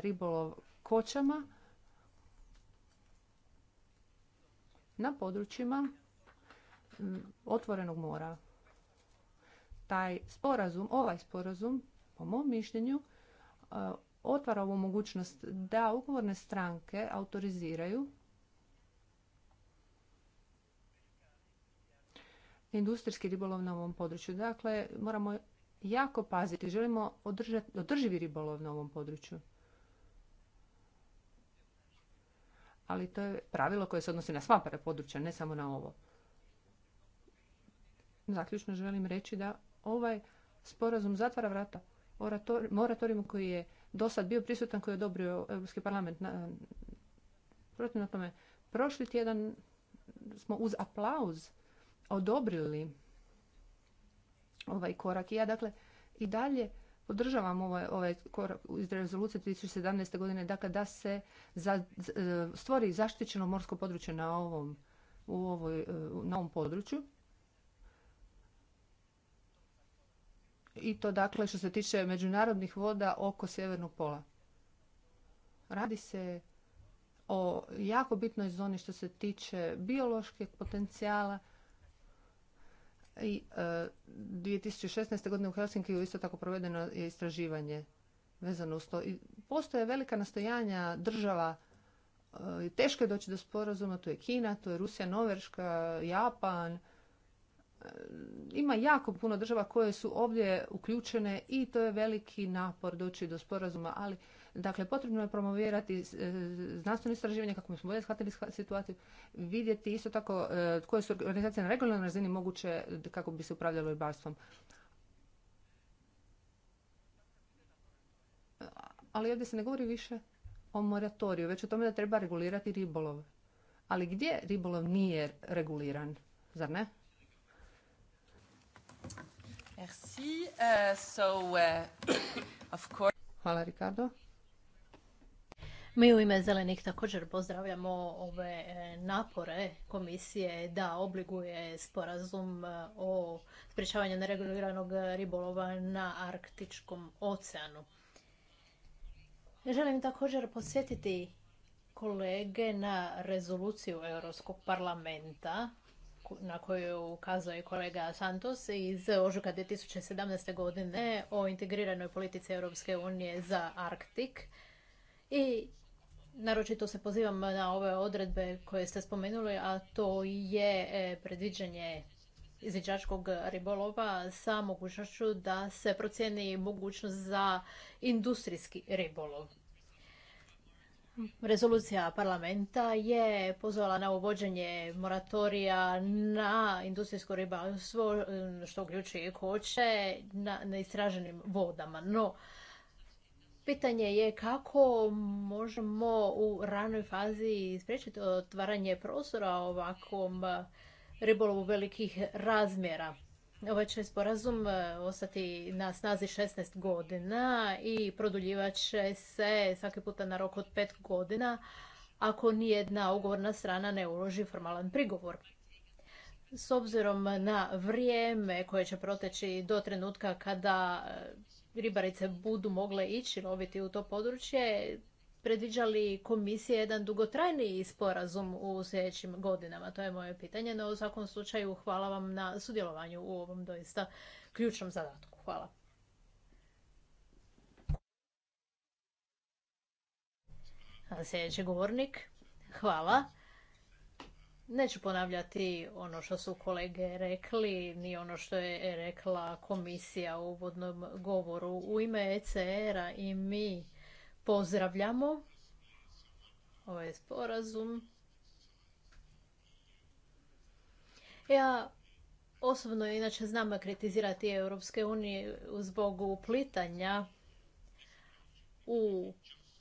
ribolov kočama na područjima otvorenog mora. Taj sporazum, ovaj sporazum, po mom mišljenju, e, otvara ovu mogućnost da ugovorne stranke autoriziraju industrijski ribolov na ovom području. Dakle, moramo jako paziti. Želimo održati, održivi ribolov na ovom području. Ali to je pravilo koje se odnosi na sva područja, ne samo na ovo. Zaključno želim reći da ovaj sporazum zatvara vrata moratorijumu koji je do sad bio prisutan, koji je odobrio Europski parlament. na tome, prošli tjedan smo uz aplauz odobrili ovaj korak. I ja dakle i dalje podržavam ovaj, ovaj korak iz rezolucije 2017. godine dakle, da se za, e, stvori zaštićeno morsko područje na ovom, u ovoj, e, na ovom području. I to dakle što se tiče međunarodnih voda oko sjevernog pola. Radi se o jako bitnoj zoni što se tiče biološkog potencijala, i, e, 2016. godine u Helsinkiju isto tako provedeno je istraživanje vezano uz to. I postoje velika nastojanja država e, i teško je doći do sporazuma. Tu je Kina, to je Rusija, Noverška, Japan. E, ima jako puno država koje su ovdje uključene i to je veliki napor doći do sporazuma, ali Dakle, potrebno je promovirati e, znanstveno istraživanje kako bismo bolje shvatili situaciju, vidjeti isto tako e, koje su organizacije na regionalnoj razini moguće kako bi se upravljalo ribarstvom. Ali ovdje se ne govori više o moratoriju, već o tome da treba regulirati ribolov. Ali gdje ribolov nije reguliran, zar ne? Uh, uh, Hvala Ricardo. Mi u ime Zelenih također pozdravljamo ove e, napore komisije da obliguje sporazum e, o sprječavanju nereguliranog ribolova na Arktičkom oceanu. Želim također posjetiti kolege na rezoluciju Europskog parlamenta na koju ukazuje kolega Santos iz ožuka 2017. godine o integriranoj politici Europske unije za Arktik i Naročito se pozivam na ove odredbe koje ste spomenuli, a to je e, predviđanje izviđačkog ribolova sa mogućnošću da se procijeni mogućnost za industrijski ribolov. Rezolucija parlamenta je pozvala na uvođenje moratorija na industrijsko ribarstvo, e, što uključuje koće, na istraženim vodama. No, Pitanje je kako možemo u ranoj fazi spriječiti otvaranje prostora ovakvom ribolovu velikih razmjera. Ovaj će sporazum e, ostati na snazi 16 godina i produljivat će se svaki puta na rok od 5 godina ako nijedna ugovorna strana ne uloži formalan prigovor. S obzirom na vrijeme koje će proteći do trenutka kada ribarice budu mogle ići loviti u to područje, predviđa li komisija jedan dugotrajni sporazum u sljedećim godinama? To je moje pitanje, no u svakom slučaju hvala vam na sudjelovanju u ovom doista ključnom zadatku. Hvala. sljedeći govornik. Hvala. Neću ponavljati ono što su kolege rekli, ni ono što je rekla komisija u uvodnom govoru. U ime ECR-a i mi pozdravljamo ovaj sporazum. Ja osobno inače znam kritizirati Europske unije zbog uplitanja u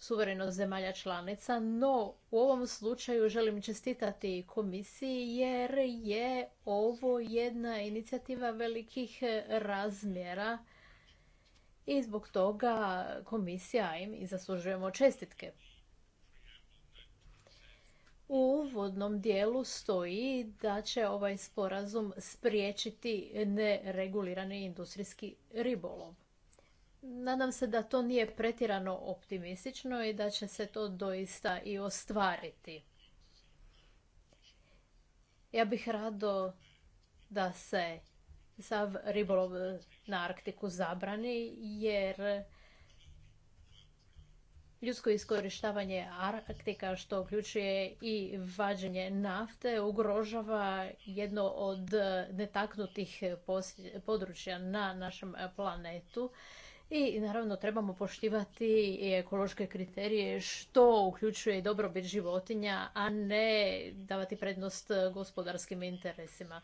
suverenost zemalja članica, no u ovom slučaju želim čestitati komisiji jer je ovo jedna inicijativa velikih razmjera i zbog toga komisija im i zaslužujemo čestitke. U uvodnom dijelu stoji da će ovaj sporazum spriječiti neregulirani industrijski ribolov. Nadam se da to nije pretjerano optimistično i da će se to doista i ostvariti. Ja bih rado da se sav ribolov na Arktiku zabrani, jer ljudsko iskorištavanje Arktika, što uključuje i vađenje nafte, ugrožava jedno od netaknutih područja na našem planetu i naravno trebamo poštivati i ekološke kriterije što uključuje i dobrobit životinja, a ne davati prednost gospodarskim interesima.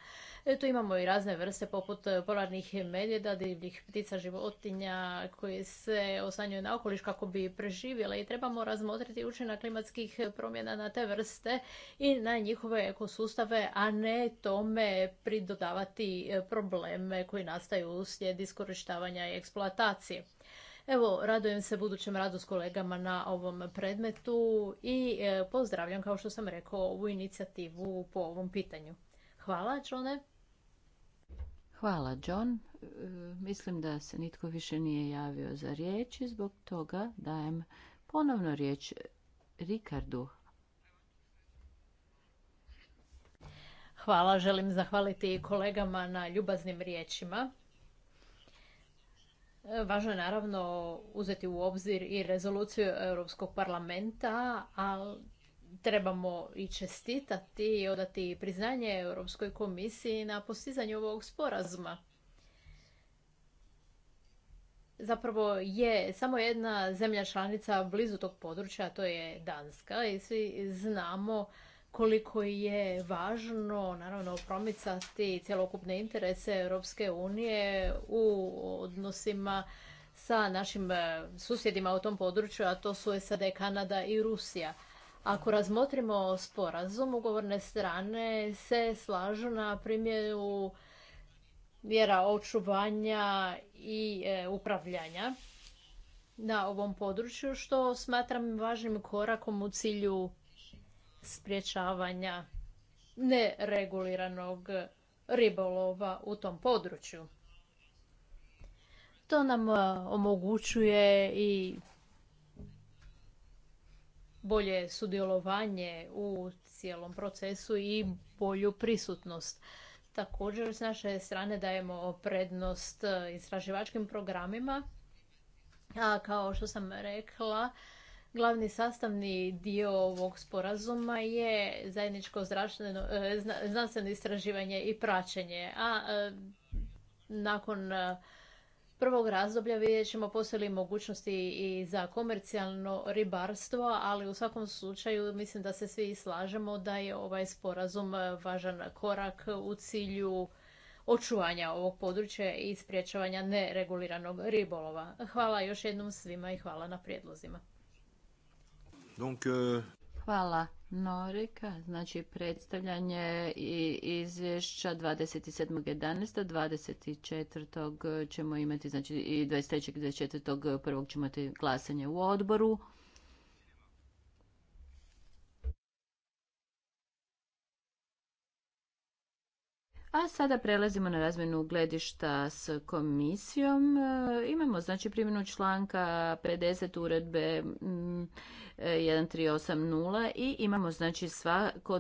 tu imamo i razne vrste poput polarnih medvjeda, divljih ptica, životinja koje se osanjuju na okoliš kako bi preživjele i trebamo razmotriti učinak klimatskih promjena na te vrste i na njihove ekosustave, a ne tome pridodavati probleme koji nastaju uslijed iskorištavanja i eksploatacije. Evo, radujem se budućem radu s kolegama na ovom predmetu i e, pozdravljam, kao što sam rekao, ovu inicijativu po ovom pitanju. Hvala, Johne. Hvala, John. E, mislim da se nitko više nije javio za riječ i zbog toga dajem ponovno riječ Rikardu. Hvala, želim zahvaliti kolegama na ljubaznim riječima. Važno je naravno uzeti u obzir i rezoluciju Europskog parlamenta, ali trebamo i čestitati i odati priznanje Europskoj komisiji na postizanju ovog sporazuma. Zapravo je samo jedna zemlja članica blizu tog područja, a to je Danska i svi znamo koliko je važno naravno promicati cjelokupne interese Europske unije u odnosima sa našim e, susjedima u tom području, a to su SAD, Kanada i Rusija. Ako razmotrimo sporazum, ugovorne strane se slažu na primjeru mjera očuvanja i e, upravljanja na ovom području, što smatram važnim korakom u cilju sprječavanja nereguliranog ribolova u tom području. To nam e, omogućuje i bolje sudjelovanje u cijelom procesu i bolju prisutnost. Također s naše strane dajemo prednost e, istraživačkim programima. A kao što sam rekla, Glavni sastavni dio ovog sporazuma je zajedničko e, znanstveno istraživanje i praćenje, a e, nakon e, prvog razdoblja vidjet ćemo postoje mogućnosti i za komercijalno ribarstvo, ali u svakom slučaju mislim da se svi slažemo da je ovaj sporazum važan korak u cilju očuvanja ovog područja i sprječavanja nereguliranog ribolova. Hvala još jednom svima i hvala na prijedlozima. Donc, euh... Hvala Norika, znači predstavljanje i izvješća 27.11. 24. ćemo imati, znači i 23. 24. prvog ćemo imati glasanje u odboru. A sada prelazimo na razmjenu gledišta s komisijom. E, imamo znači primjenu članka 50 uredbe 1380 e, i imamo znači svako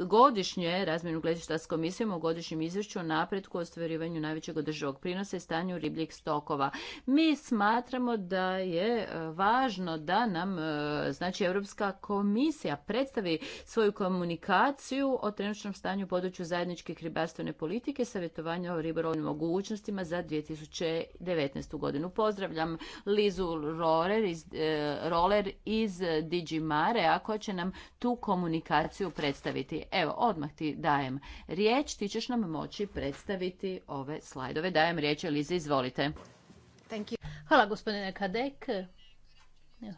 godišnje razmjenu gledišta s komisijom u godišnjem izvješću o napretku ostvarivanju najvećeg održivog prinosa i stanju ribljih stokova. Mi smatramo da je e, važno da nam e, znači Europska komisija predstavi svoju komunikaciju o trenutnom stanju u području zajedničke ribarstvene politike, savjetovanja o ribarovnim mogućnostima za 2019. godinu. Pozdravljam Lizu Roller iz, Roller iz Digimare, a koja će nam tu komunikaciju predstaviti. Evo, odmah ti dajem riječ, ti ćeš nam moći predstaviti ove slajdove. Dajem riječ, Eliza, izvolite. Hvala gospodine Kadek.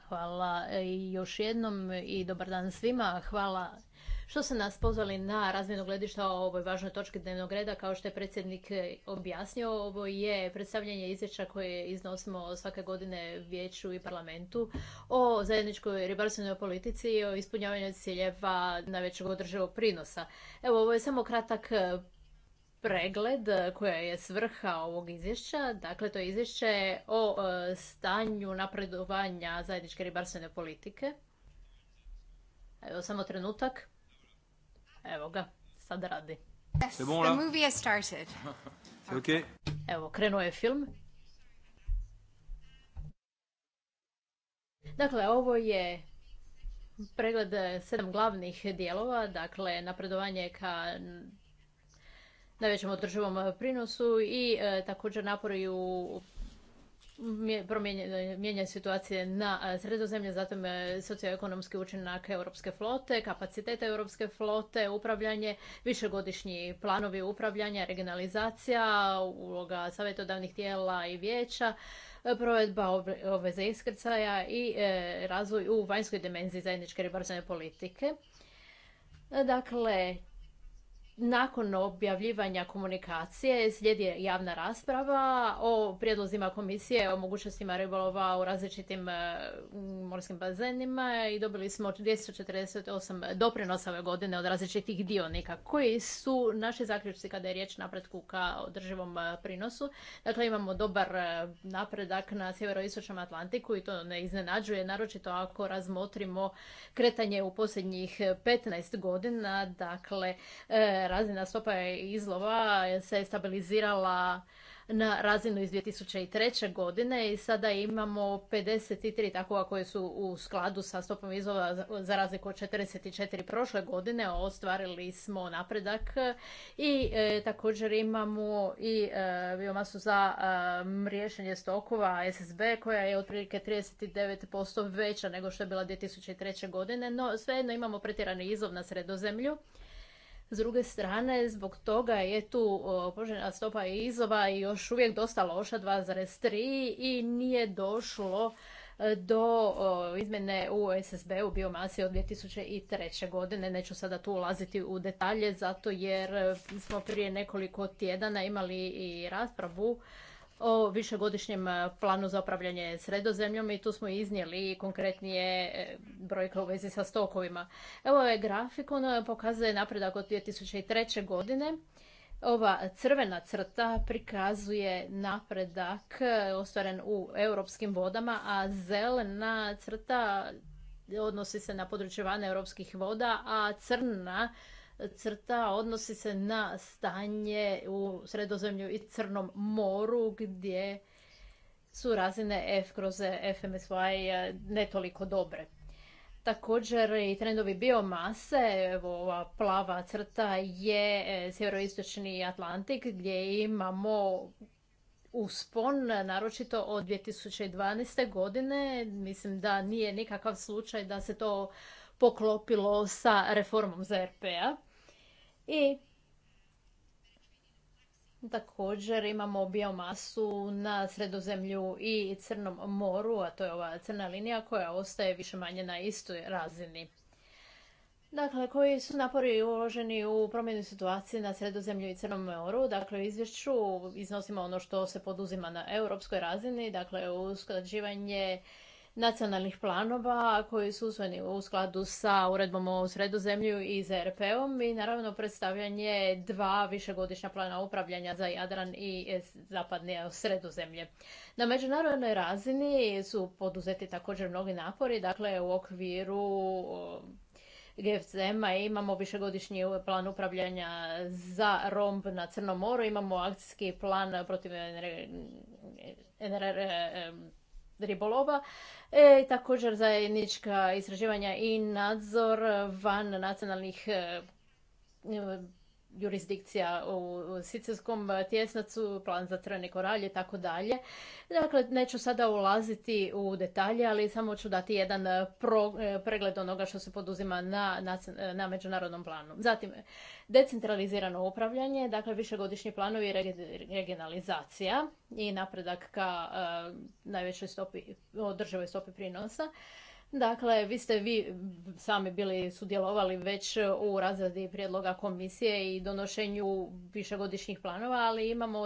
Hvala još jednom i dobar dan svima. Hvala što ste nas pozvali na razmjenu gledišta o ovoj važnoj točki dnevnog reda. Kao što je predsjednik e, objasnio, ovo je predstavljanje izvješća koje iznosimo svake godine vijeću i parlamentu o zajedničkoj ribarstvenoj politici i o ispunjavanju ciljeva najvećeg održivog prinosa. Evo, ovo je samo kratak e, pregled koja je svrha ovog izvješća. Dakle, to je izvješće o e, stanju napredovanja zajedničke ribarstvene politike. Evo, samo trenutak. Evo ga, sad radi. Evo, krenuo je film. Dakle, ovo je pregled sedam glavnih dijelova, dakle napredovanje ka najvećem održivom prinosu i e, također napori mijenja situacije na e, sredozemlje, zatim e, socioekonomski učinak europske flote, kapacitete europske flote, upravljanje, višegodišnji planovi upravljanja, regionalizacija, uloga savjetodavnih tijela i vijeća, e, provedba obveze iskrcaja i razvoj u vanjskoj dimenziji zajedničke ribarstvene politike. Dakle, nakon objavljivanja komunikacije slijedi javna rasprava o prijedlozima komisije o mogućnostima ribolova u različitim e, morskim bazenima i dobili smo 248 doprinosa ove godine od različitih dionika. Koji su naši zaključci kada je riječ napretku ka održivom e, prinosu? Dakle, imamo dobar e, napredak na sjeveroistočnom Atlantiku i to ne iznenađuje, naročito ako razmotrimo kretanje u posljednjih 15 godina, dakle, razina stopa izlova se stabilizirala na razinu iz 2003. godine i sada imamo 53 takova koje su u skladu sa stopom izlova za razliku od 44 prošle godine. Ostvarili smo napredak i e, također imamo i e, biomasu za e, rješenje stokova SSB koja je otprilike 39% veća nego što je bila 2003. godine, no svejedno imamo pretjerani izlov na sredozemlju s druge strane, zbog toga je tu poželjna stopa izova još uvijek dosta loša, 2,3 i nije došlo e, do izmjene u SSB u biomasi od 2003. godine. Neću sada tu ulaziti u detalje zato jer smo prije nekoliko tjedana imali i raspravu o višegodišnjem e, planu za upravljanje sredozemljom i tu smo iznijeli konkretnije e, brojke u vezi sa stokovima. Evo je grafikon, e, pokazuje napredak od 2003. godine. Ova crvena crta prikazuje napredak ostvaren u europskim vodama, a zelena crta odnosi se na područje van europskih voda, a crna crta odnosi se na stanje u Sredozemlju i Crnom moru gdje su razine F kroz FMSY eh, ne toliko dobre. Također i trendovi biomase, evo ova plava crta je eh, sjeveroistočni Atlantik gdje imamo uspon, naročito od 2012. godine. Mislim da nije nikakav slučaj da se to poklopilo sa reformom ZRP-a. I također imamo biomasu na Sredozemlju i Crnom moru, a to je ova crna linija koja ostaje više manje na istoj razini. Dakle, koji su napori uloženi u promjenu situacije na Sredozemlju i Crnom moru? Dakle, u izvješću iznosimo ono što se poduzima na europskoj razini, dakle, usklađivanje nacionalnih planova koji su usvojeni u skladu sa uredbom o sredozemlju i ZRP-om i naravno predstavljanje dva višegodišnja plana upravljanja za Jadran i zapadne sredozemlje. Na međunarodnoj razini su poduzeti također mnogi napori, dakle u okviru GFCM-a imamo višegodišnji plan upravljanja za romb na Crnom moru, imamo akcijski plan protiv ribolova, e, također zajednička istraživanja i nadzor van nacionalnih e, jurisdikcija u Sicilskom e, tjesnacu, plan za Trne koralje i tako dalje. Dakle, neću sada ulaziti u detalje, ali samo ću dati jedan e, e, pregled onoga što se poduzima na, međunarodnom planu. Zatim, decentralizirano upravljanje, dakle višegodišnji planovi i regionalizacija i napredak ka najvećoj stopi, održivoj stopi prinosa. Dakle, vi ste vi sami bili sudjelovali već u razradi prijedloga komisije i donošenju višegodišnjih planova, ali imamo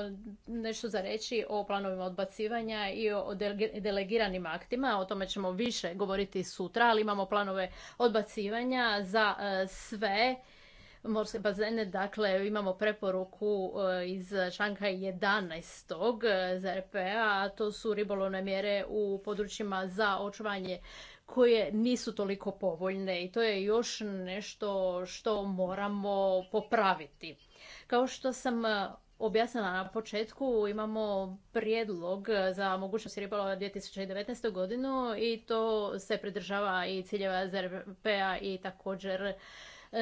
nešto za reći o planovima odbacivanja i o delegiranim aktima. O tome ćemo više govoriti sutra, ali imamo planove odbacivanja za e, sve morske bazene. Dakle, imamo preporuku e, iz članka 11. E, ZRP-a, a to su ribolovne mjere u područjima za očuvanje koje nisu toliko povoljne i to je još nešto što moramo popraviti. Kao što sam e, objasnila na početku, imamo prijedlog za mogućnost ribolova 2019. godinu i to se pridržava i ciljeva ZRP-a i također e,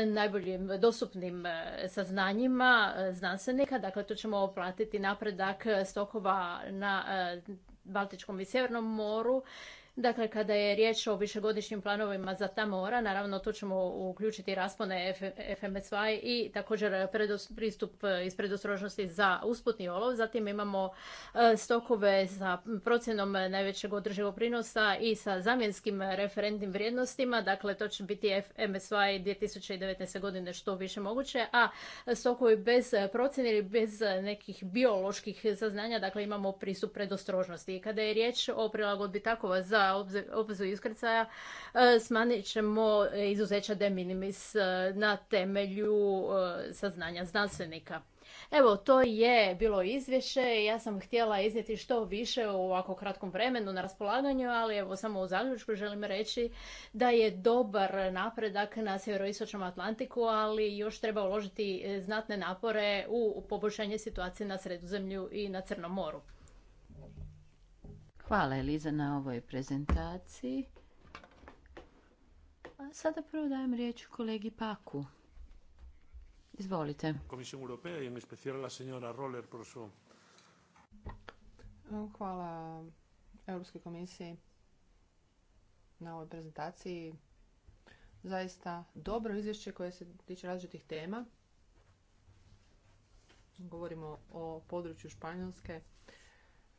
najboljim dostupnim e, saznanjima znanstvenika. Dakle, tu ćemo platiti napredak stokova na Baltičkom i Sjevernom moru Dakle, kada je riječ o višegodišnjim planovima za ta mora, naravno tu ćemo uključiti raspone FMSY i također pristup iz predostrožnosti za usputni olov. Zatim imamo e, stokove sa procjenom najvećeg održivog prinosa i sa zamjenskim referentnim vrijednostima. Dakle, to će biti FMSY 2019. godine što više moguće, a stokovi bez procjene ili bez nekih bioloških saznanja, dakle imamo pristup predostrožnosti. I kada je riječ o prilagodbi takova za obvezu iskrcaja e, smanjit ćemo izuzeća de minimis e, na temelju e, saznanja znanstvenika. Evo, to je bilo izvješće. Ja sam htjela iznijeti što više u ovako kratkom vremenu na raspolaganju, ali evo samo u zaključku želim reći da je dobar napredak na sjeveroistočnom Atlantiku, ali još treba uložiti znatne napore u poboljšanje situacije na Sredozemlju i na Crnom moru. Hvala Eliza na ovoj prezentaciji. sada prvo dajem riječ kolegi Paku. Izvolite. Komisija Europea i Roller por Hvala Europskoj komisiji na ovoj prezentaciji. Zaista dobro izvješće koje se tiče različitih tema. Govorimo o području Španjolske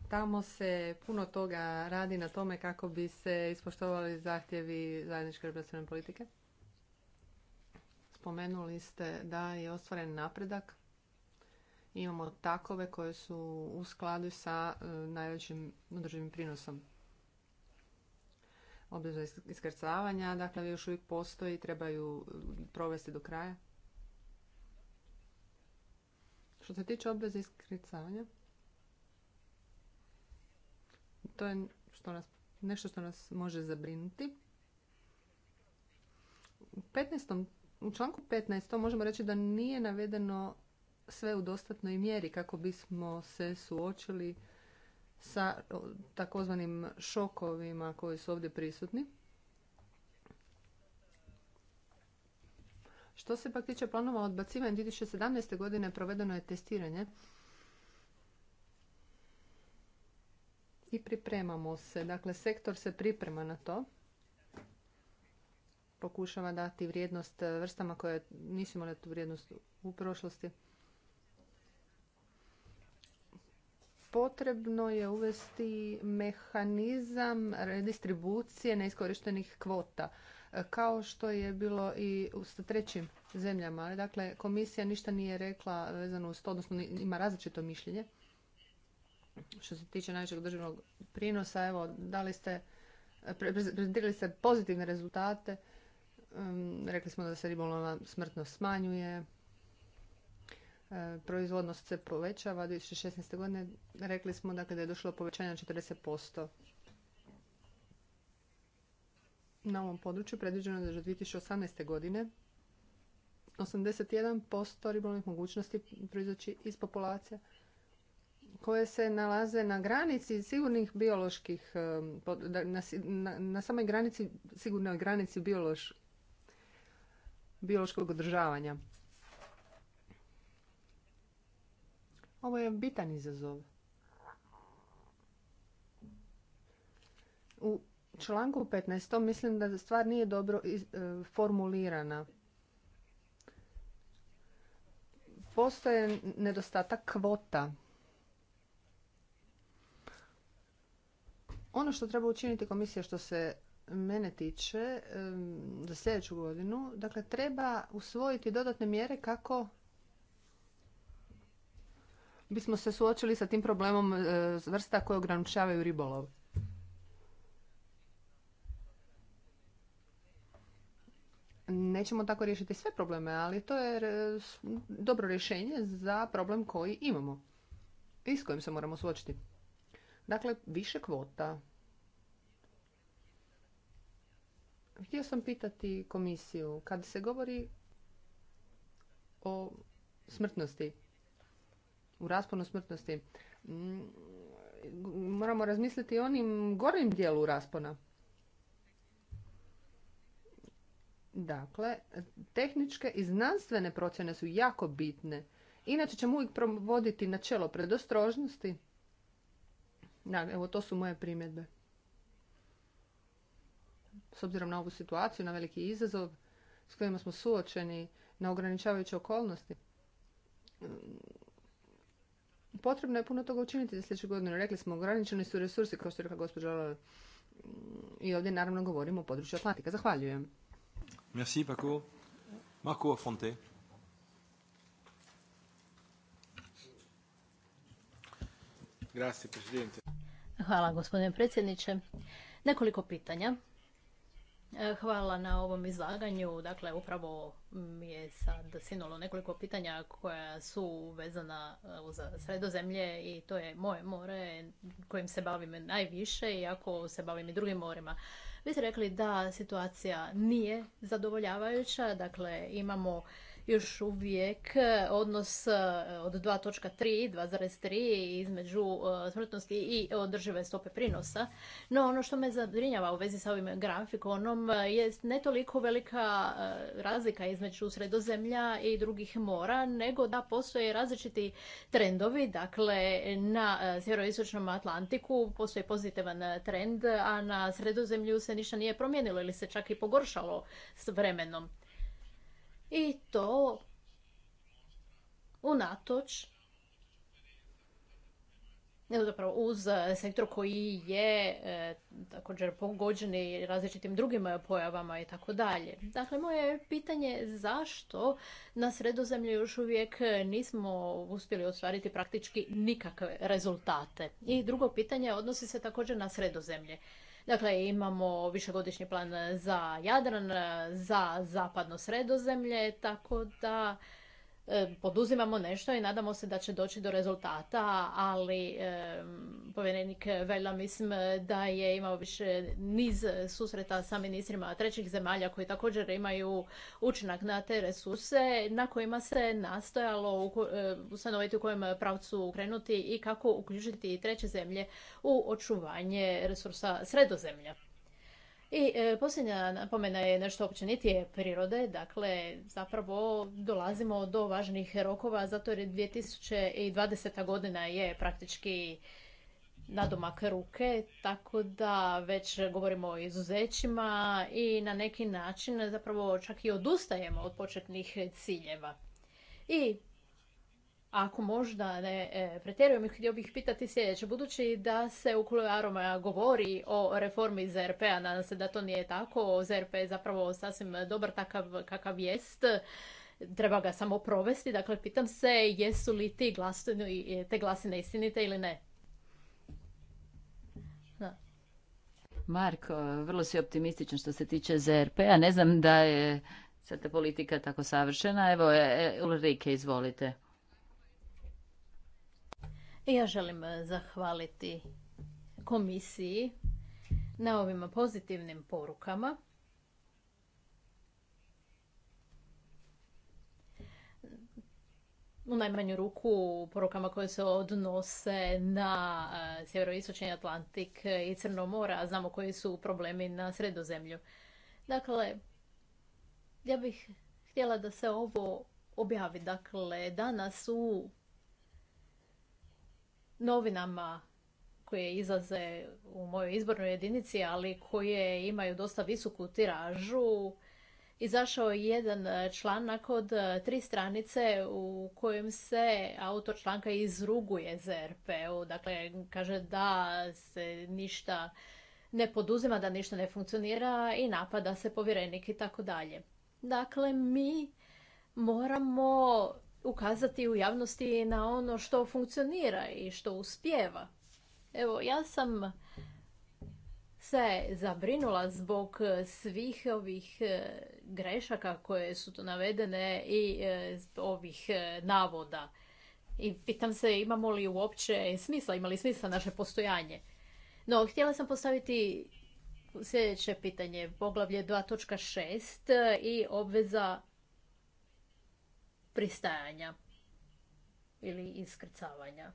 Tamo se puno toga radi na tome kako bi se ispoštovali zahtjevi zajedničke ribarstvene politike. Spomenuli ste da je ostvaren napredak. Imamo takove koje su u skladu sa e, najvećim održivim prinosom obveza iskrcavanja, dakle još uvijek postoji, i trebaju provesti do kraja. Što se tiče obveze iskrcavanja, to je što nas, nešto što nas može zabrinuti. U, 15, članku 15. možemo reći da nije navedeno sve u dostatnoj mjeri kako bismo se suočili sa takozvanim šokovima koji su ovdje prisutni. Što se pak tiče planova odbacivanja 2017. godine provedeno je testiranje i pripremamo se. Dakle, sektor se priprema na to. Pokušava dati vrijednost eh, vrstama koje nisu imali tu vrijednost u prošlosti. Potrebno je uvesti mehanizam redistribucije neiskorištenih kvota eh, kao što je bilo i u trećim zemljama. Dakle, komisija ništa nije rekla vezano uz to, odnosno ima različito mišljenje. Što se tiče najvećeg državnog prinosa, evo, dali ste, prezentirali ste pozitivne rezultate. Um, rekli smo da se ribolovna smrtno smanjuje, e, proizvodnost se povećava. 2016. godine rekli smo dakle, da je došlo povećanje na 40%. Na ovom području predviđeno je da do 2018. godine 81% ribolovnih mogućnosti proizaći iz populacije koje se nalaze na granici sigurnih bioloških, e, na, na, samoj granici, sigurnoj granici biološ, biološkog održavanja. Ovo je bitan izazov. U članku 15. mislim da stvar nije dobro e, formulirana. Postoje nedostatak kvota Ono što treba učiniti komisija što se mene tiče za sljedeću godinu, dakle treba usvojiti dodatne mjere kako bismo se suočili sa tim problemom e, vrsta koje ograničavaju ribolov. Nećemo tako riješiti sve probleme, ali to je e, dobro rješenje za problem koji imamo i s kojim se moramo suočiti. Dakle, više kvota. Htio sam pitati komisiju, kad se govori o smrtnosti, u rasponu smrtnosti, mm, moramo razmisliti o onim gorim dijelu raspona. Dakle, tehničke i znanstvene procjene su jako bitne. Inače ćemo uvijek provoditi načelo predostrožnosti da, evo to su moje primjedbe. S obzirom na ovu situaciju, na veliki izazov s kojima smo suočeni, na ograničavajuće okolnosti, mm, potrebno je puno toga učiniti za sljedeću godinu. Rekli smo, ograničeni su resursi, kao što je rekla gospođa mm, I ovdje naravno govorimo o području Atlantika. Zahvaljujem. Merci Paco. Marco Grazie Presidente. Hvala gospodine predsjedniče. Nekoliko pitanja. E, hvala na ovom izlaganju. Dakle, upravo mi je sad sinulo nekoliko pitanja koja su vezana e, uz sredozemlje i to je moje more kojim se bavim najviše, iako se bavim i drugim morima. Vi ste rekli da situacija nije zadovoljavajuća, dakle imamo još uvijek e, odnos e, od 2.3 2.3 između e, smrtnosti i održive stope prinosa. No ono što me zabrinjava u vezi sa ovim grafikonom je ne toliko velika razlika između sredozemlja i drugih mora, nego da postoje različiti trendovi. Dakle, na sjeveroistočnom Atlantiku postoji pozitivan trend, a na sredozemlju se ništa nije promijenilo ili se čak i pogoršalo s vremenom i to unatoč zapravo uz e, sektor koji je e, također pogođeni različitim drugim e, pojavama i tako dalje. Dakle, moje pitanje je zašto na sredozemlju još uvijek nismo uspjeli ostvariti praktički nikakve rezultate. I drugo pitanje odnosi se također na sredozemlje. Dakle, imamo višegodišnji plan za Jadran, za zapadno sredozemlje, tako da E, poduzimamo nešto i nadamo se da će doći do rezultata, ali e, povjerenik Vela mislim da je imao više niz susreta sa ministrima trećih zemalja koji također imaju učinak na te resurse na kojima se nastojalo e, ustanoviti u kojem pravcu krenuti i kako uključiti treće zemlje u očuvanje resursa sredozemlja. I e, posljednja napomena je nešto općenitije prirode, dakle zapravo dolazimo do važnih rokova zato jer 2020. godina je praktički nadomak ruke, tako da već govorimo o izuzećima i na neki način zapravo čak i odustajemo od početnih ciljeva. I ako možda ne e, pretjerujem, htio bih pitati sljedeće. Budući da se u kuloaroma govori o reformi ZRP-a, nadam se da to nije tako, ZRP je zapravo sasvim dobar takav kakav jest, treba ga samo provesti. Dakle, pitam se jesu li ti glasine, te glasine istinite ili ne? Marko, e, vrlo si optimističan što se tiče ZRP-a. Ne znam da je sada politika tako savršena. Evo, e, Ulrike, izvolite. Ja želim e, zahvaliti komisiji na ovim pozitivnim porukama. u najmanju ruku porukama koje se odnose na e, sjeveroistočni Atlantik i Crno mora, a znamo koji su problemi na sredozemlju. Dakle, ja bih htjela da se ovo objavi. Dakle, danas u novinama koje izlaze u mojoj izbornoj jedinici, ali koje imaju dosta visoku tiražu, izašao je jedan članak od e, tri stranice u kojem se autor članka izruguje ZRP-u. Dakle, kaže da se ništa ne poduzima, da ništa ne funkcionira i napada se povjerenik i tako dalje. Dakle, mi moramo ukazati u javnosti na ono što funkcionira i što uspjeva. Evo, ja sam se zabrinula zbog svih ovih e, grešaka koje su tu navedene i e, ovih e, navoda. I pitam se imamo li uopće smisla, imali smisla naše postojanje. No, htjela sam postaviti sljedeće pitanje, poglavlje 2.6 i obveza pristajanja ili iskrcavanja.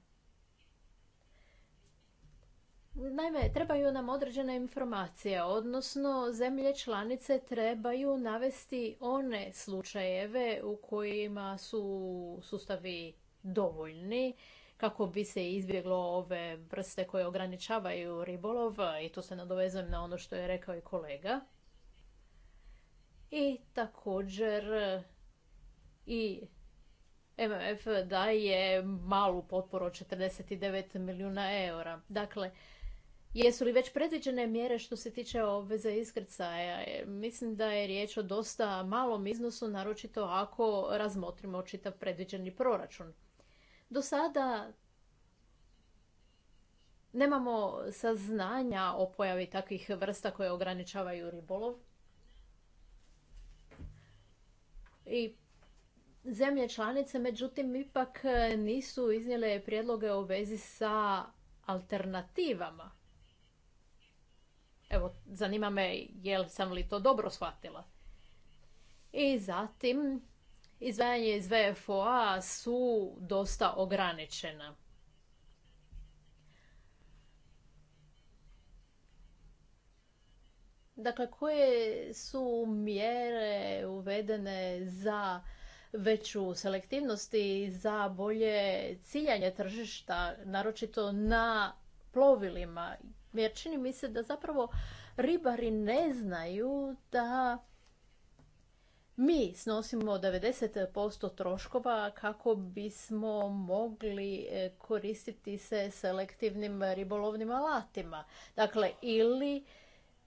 Naime, trebaju nam određene informacije, odnosno zemlje članice trebaju navesti one slučajeve u kojima su sustavi dovoljni kako bi se izbjeglo ove vrste koje ograničavaju ribolov i to se nadovezujem na ono što je rekao i kolega. I također i MMF daje malu potporu od 49 milijuna eura. Dakle, jesu li već predviđene mjere što se tiče obveze iskrcaja? E, mislim da je riječ o dosta malom iznosu, naročito ako razmotrimo čitav predviđeni proračun. Do sada nemamo saznanja o pojavi takvih vrsta koje ograničavaju ribolov. I Zemlje članice, međutim, ipak e, nisu iznijele prijedloge u vezi sa alternativama. Evo, zanima me jel sam li to dobro shvatila. I zatim, izvajanje iz VFOA su dosta ograničena. Dakle, koje su mjere uvedene za veću selektivnost i za bolje ciljanje tržišta, naročito na plovilima. Jer čini mi se da zapravo ribari ne znaju da mi snosimo 90% troškova kako bismo mogli e, koristiti se selektivnim ribolovnim alatima. Dakle, ili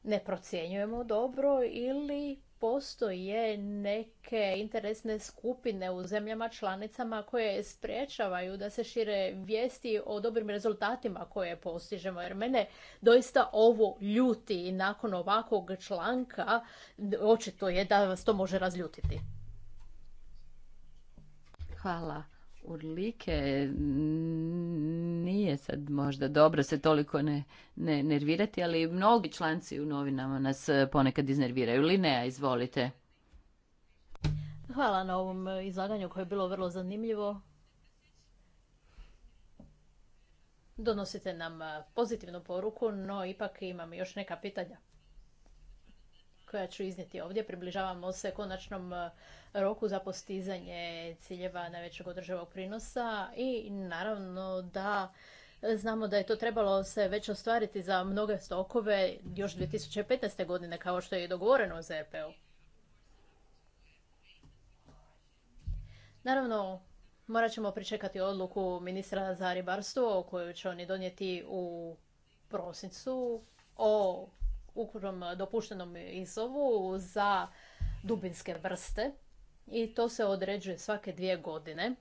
ne procjenjujemo dobro ili postoje neke interesne skupine u zemljama članicama koje sprječavaju da se šire vijesti o dobrim rezultatima koje postižemo. Jer mene doista ovo ljuti i nakon ovakvog članka očito je da vas to može razljutiti. Hvala. Urlike nije sad možda dobro se toliko ne, ne nervirati, ali mnogi članci u novinama nas eh, ponekad iznerviraju. Linea, izvolite. Hvala na ovom eh, izlaganju koje je bilo vrlo zanimljivo. Donosite nam eh, pozitivnu poruku, no ipak imam još neka pitanja koja ću iznijeti ovdje. Približavamo se konačnom e, roku za postizanje ciljeva najvećeg održivog prinosa i naravno da e, Znamo da je to trebalo se već ostvariti za mnoge stokove još 2015. godine, kao što je i dogovoreno o ZRP-u. Naravno, morat ćemo pričekati odluku ministra za ribarstvo koju će oni donijeti u prosincu o ukupnom e, dopuštenom izovu za dubinske vrste i to se određuje svake dvije godine.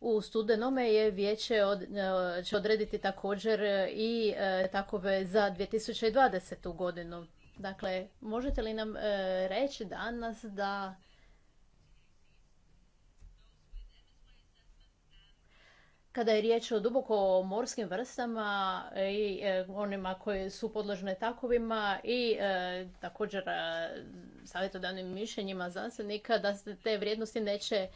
U studenome je vijeće od, e, će odrediti također i e, takove za 2020. godinu. Dakle, možete li nam reći danas da Kada je riječ o duboko morskim vrstama i e, onima koje su podložne takovima i e, također e, savjetodavnim mišljenjima znanstvenika da se te vrijednosti neće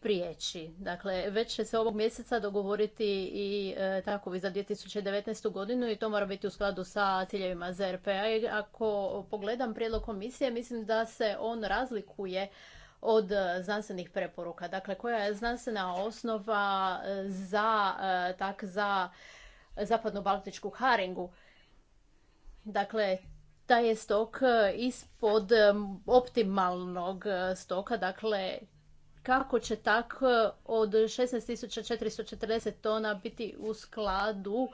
prijeći. Dakle, već će se ovog mjeseca dogovoriti i takovi za 2019. godinu i to mora biti u skladu sa ciljevima ZRP-a. Ako pogledam prijedlog komisije, mislim da se on razlikuje od e, znanstvenih preporuka? Dakle, koja je znanstvena osnova e, za, e, tak, za zapadno-baltičku haringu? Dakle, taj je stok ispod optimalnog stoka, dakle kako će tak od 16.440 tona biti u skladu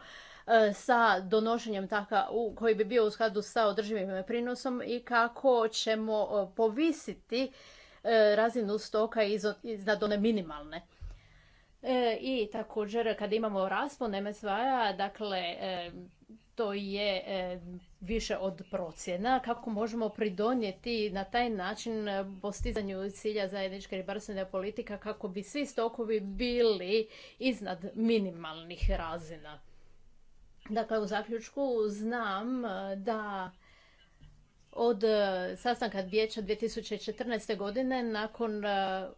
sa donošenjem taka koji bi bio u skladu sa održivim prinosom i kako ćemo povisiti E, razinu stoka iznad one minimalne. E, I također kad imamo raspon MSV-a, dakle e, to je više od procjena. Kako možemo pridonijeti na taj način postizanju cilja zajedničke ribarstvene politika kako bi svi stokovi bili iznad minimalnih razina. Dakle, u zaključku znam da od e, sastanka vijeća 2014. godine nakon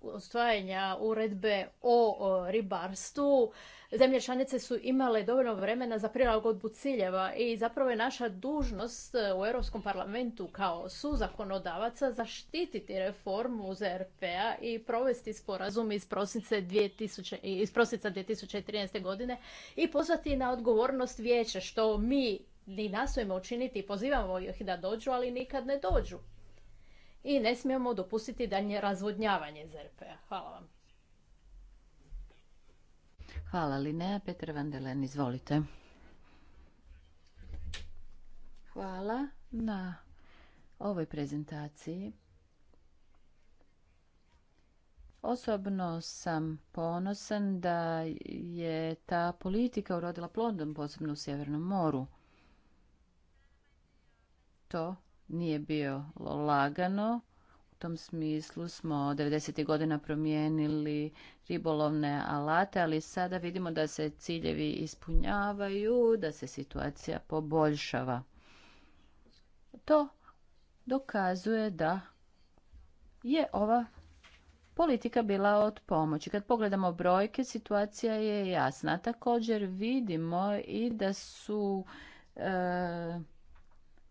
ostvajanja e, uredbe o ribarstvu zemlje članice su imale dovoljno vremena za prilagodbu ciljeva i zapravo je naša dužnost e, u Europskom parlamentu kao suzakonodavaca zaštititi reformu ZRP-a i provesti sporazum iz prosinca 2000, iz prosinca 2013. godine i pozvati na odgovornost vijeća što mi ni nasujemo učiniti, pozivamo ih da dođu, ali nikad ne dođu. I ne smijemo dopustiti daljnje razvodnjavanje ZRP-a. Hvala vam. Hvala Linea. Petar Vandelen, izvolite. Hvala na ovoj prezentaciji. Osobno sam ponosan da je ta politika urodila plodom, posebno u Sjevernom moru to nije bio lagano. U tom smislu smo 90. godina promijenili ribolovne alate, ali sada vidimo da se ciljevi ispunjavaju, da se situacija poboljšava. To dokazuje da je ova politika bila od pomoći. Kad pogledamo brojke, situacija je jasna. Također vidimo i da su e,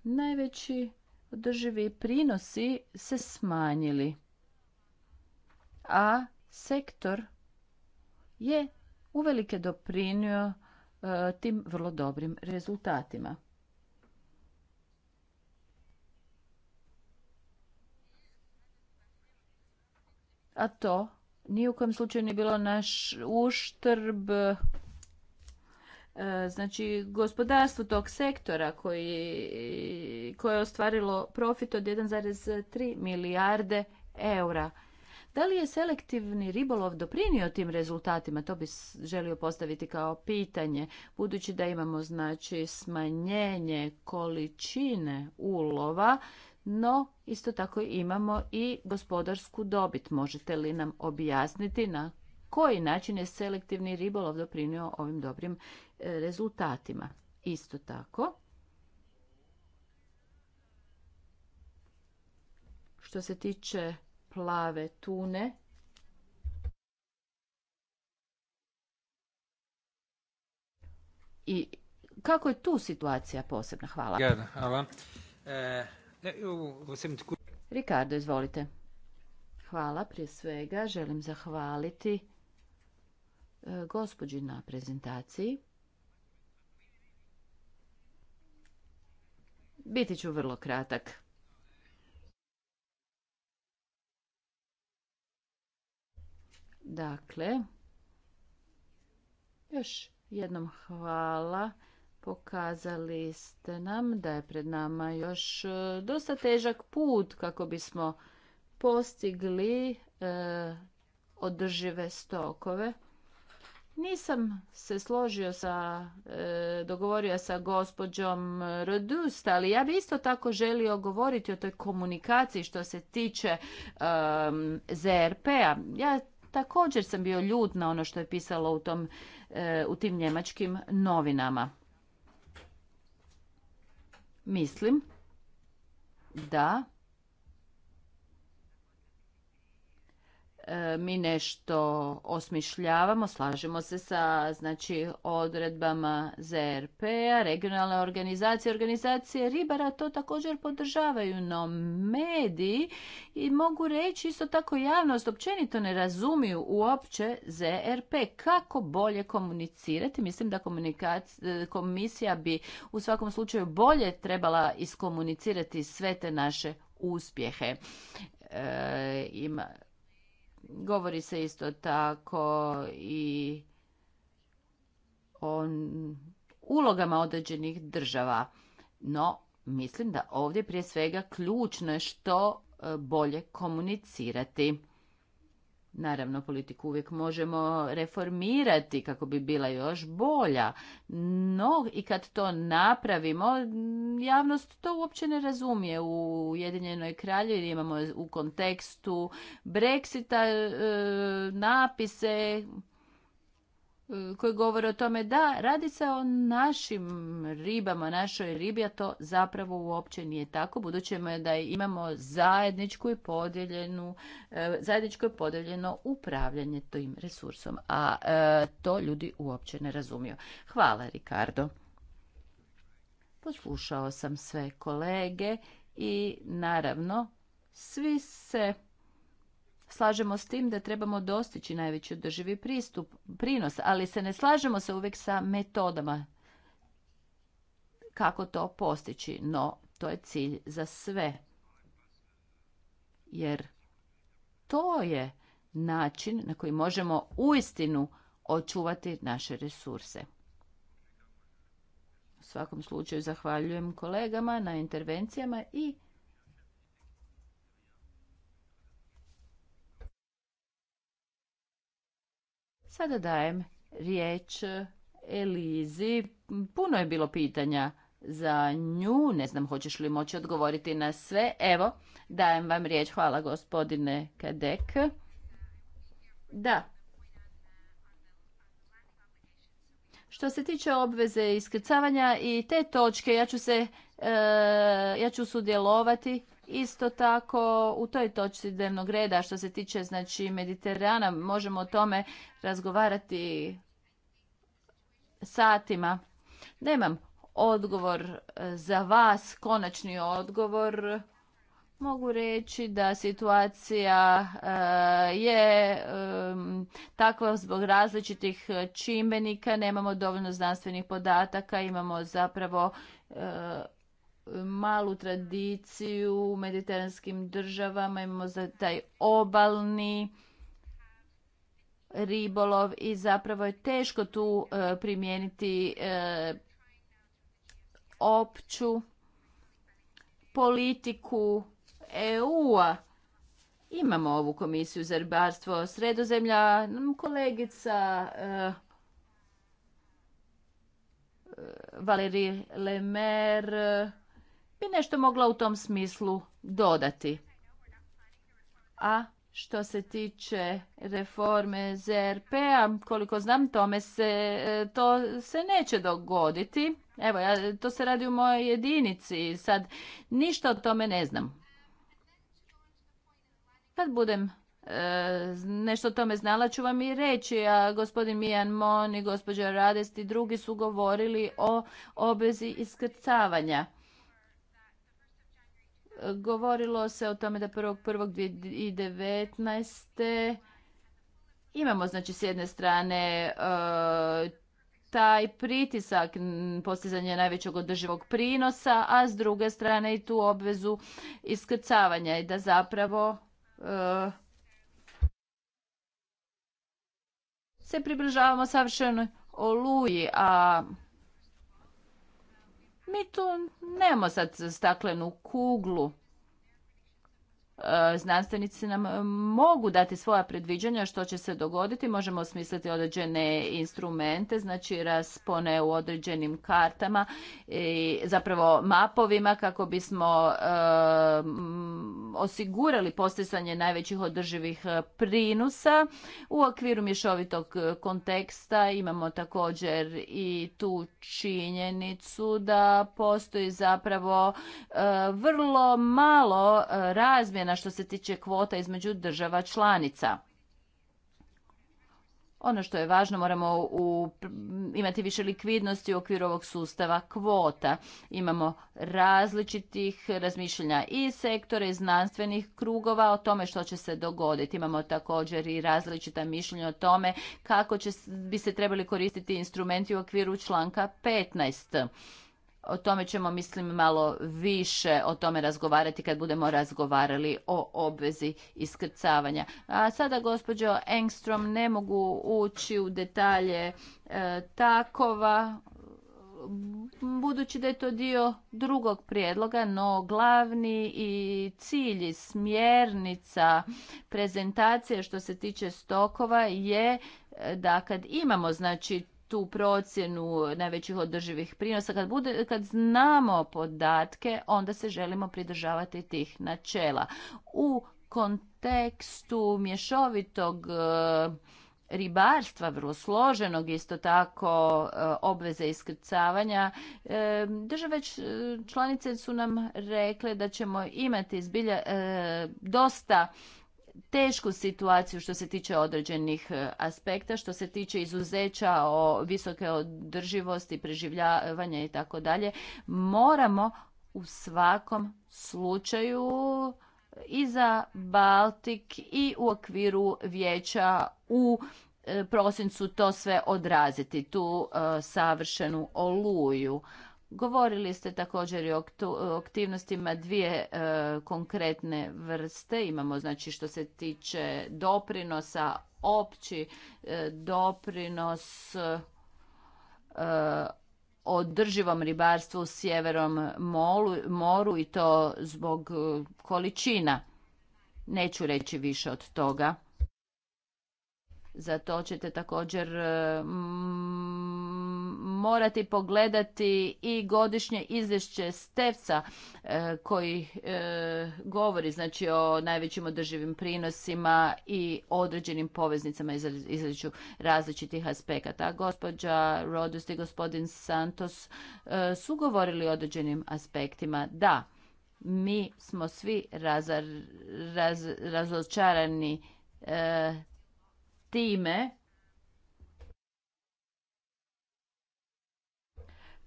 najveći održivi prinosi se smanjili, a sektor je uvelike doprinio e, tim vrlo dobrim rezultatima. A to ni u kojem slučaju nije bilo naš uštrb E, znači, gospodarstvo tog sektora koji, koje je ostvarilo profit od 1,3 milijarde eura. Da li je selektivni ribolov doprinio tim rezultatima? To bi želio postaviti kao pitanje. Budući da imamo znači smanjenje količine ulova, no isto tako imamo i gospodarsku dobit. Možete li nam objasniti na koji način je selektivni ribolov doprinio ovim dobrim rezultatima. Isto tako, što se tiče plave tune, i kako je tu situacija posebna? Hvala. Hvala. E, Ricardo, izvolite. Hvala prije svega. Želim zahvaliti e, gospođi na prezentaciji. Biti ću vrlo kratak. Dakle, još jednom hvala. Pokazali ste nam da je pred nama još e, dosta težak put kako bismo postigli e, održive stokove. Nisam se složio sa, e, dogovorio sa gospođom Rodust, ali ja bi isto tako želio govoriti o toj komunikaciji što se tiče e, ZRP-a. Ja također sam bio ljut na ono što je pisalo u, tom, e, u tim njemačkim novinama. Mislim da E, mi nešto osmišljavamo, slažemo se sa znači, odredbama ZRP-a, regionalne organizacije, organizacije ribara to također podržavaju, no mediji i mogu reći isto tako javnost općenito ne razumiju uopće ZRP. Kako bolje komunicirati? Mislim da e, komisija bi u svakom slučaju bolje trebala iskomunicirati sve te naše uspjehe. E, ima, Govori se isto tako i o ulogama određenih država. No, mislim da ovdje prije svega ključno je što e, bolje komunicirati. Naravno, politiku uvijek možemo reformirati kako bi bila još bolja, no i kad to napravimo, javnost to uopće ne razumije. U Ujedinjenoj kralji imamo u kontekstu Brexita e, napise E, koji govore o tome da radi se o našim ribama, našoj ribi, a to zapravo uopće nije tako, budući da imamo zajedničku i podijeljenu, e, zajedničko je podijeljeno upravljanje tim resursom, a e, to ljudi uopće ne razumiju. Hvala Ricardo. Poslušao sam sve kolege i naravno svi se slažemo s tim da trebamo dostići najveći održivi pristup, prinos, ali se ne slažemo se uvijek sa metodama kako to postići, no to je cilj za sve. Jer to je način na koji možemo uistinu očuvati naše resurse. U svakom slučaju zahvaljujem kolegama na intervencijama i Sada dajem riječ Elizi. Puno je bilo pitanja za nju. Ne znam hoćeš li moći odgovoriti na sve. Evo, dajem vam riječ. Hvala gospodine Kadek. Da. Što se tiče obveze iskrcavanja i te točke, ja ću se, e, ja ću sudjelovati Isto tako u toj točci dnevnog reda što se tiče znači Mediterana možemo o tome razgovarati satima. Nemam odgovor e, za vas, konačni odgovor. Mogu reći da situacija e, je takva zbog različitih čimbenika, nemamo dovoljno znanstvenih podataka, imamo zapravo e, malu tradiciju u mediteranskim državama, imamo za taj obalni ribolov i zapravo je teško tu e, primijeniti e, opću politiku EU-a. Imamo ovu komisiju za ribarstvo sredozemlja. Kolegica e, Valerij Lemer bi nešto mogla u tom smislu dodati. A što se tiče reforme ZRP-a, koliko znam tome se, to se neće dogoditi. Evo, ja, to se radi u mojoj jedinici, sad ništa o tome ne znam. Kad budem e, nešto o tome znala ću vam i reći, a gospodin Mijan Mon i gospođa Radest i drugi su govorili o obezi iskrcavanja. Govorilo se o tome da 1.1.2019. imamo znači s jedne strane e, taj pritisak postizanja najvećeg održivog prinosa, a s druge strane i tu obvezu iskrcavanja i da zapravo e, se približavamo savršenoj oluji, a mi tu nemamo sad staklenu kuglu E, znanstvenici nam e, mogu dati svoja predviđanja što će se dogoditi, možemo osmisliti određene instrumente, znači raspone u određenim kartama i zapravo mapovima kako bismo e, osigurali postisanje najvećih održivih prinusa. U okviru mješovitog konteksta imamo također i tu činjenicu da postoji zapravo vrlo malo razmjena na što se tiče kvota između država članica. Ono što je važno, moramo imati više likvidnosti u okviru ovog sustava kvota. Imamo različitih razmišljanja i sektora i znanstvenih krugova o tome što će se dogoditi. Imamo također i različita mišljenja o tome kako bi se trebali koristiti instrumenti u okviru članka 15. O tome ćemo, mislim, malo više o tome razgovarati kad budemo razgovarali o obvezi iskrcavanja. A sada, gospođo Engstrom, ne mogu ući u detalje e, takova, budući da je to dio drugog prijedloga, no glavni i cilj smjernica prezentacije što se tiče stokova je e, da kad imamo znači u procjenu najvećih održivih prinosa, kad, bude, kad znamo podatke, onda se želimo pridržavati tih načela. U kontekstu mješovitog e, ribarstva, vrlo složenog, isto tako e, obveze iskrcavanja. E, države članice su nam rekle da ćemo imati zbilja dosta tešku situaciju što se tiče određenih e, aspekta, što se tiče izuzeća o visoke održivosti, preživljavanja i tako dalje, moramo u svakom slučaju i za Baltik i u okviru vijeća u e, prosincu to sve odraziti, tu e, savršenu oluju. Govorili ste također i o aktivnostima dvije e, konkretne vrste. Imamo znači što se tiče doprinosa, opći e, doprinos e, održivom ribarstvu u sjeverom moru i to zbog e, količina. Neću reći više od toga. Za to ćete također morati pogledati i godišnje izvješće Stevca e, koji e, govori znači o najvećim održivim prinosima i određenim poveznicama izreću različitih aspekata. Gospođa Rodust i gospodin Santos e, su govorili o određenim aspektima. Da, mi smo svi razočarani time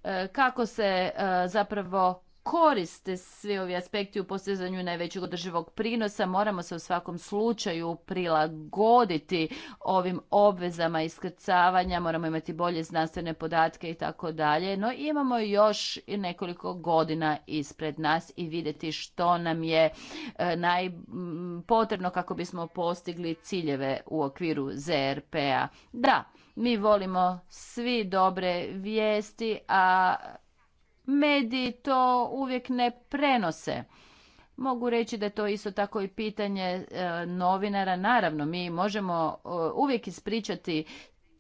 E, kako se e, zapravo koriste svi ovi aspekti u postizanju najvećeg održivog prinosa, moramo se u svakom slučaju prilagoditi ovim obvezama iskrcavanja, moramo imati bolje znanstvene podatke i tako dalje, no imamo još nekoliko godina ispred nas i vidjeti što nam je e, najpotrebno kako bismo postigli ciljeve u okviru ZRP-a. Da, mi volimo svi dobre vijesti, a mediji to uvijek ne prenose. Mogu reći da je to isto tako i pitanje e, novinara. Naravno, mi možemo e, uvijek ispričati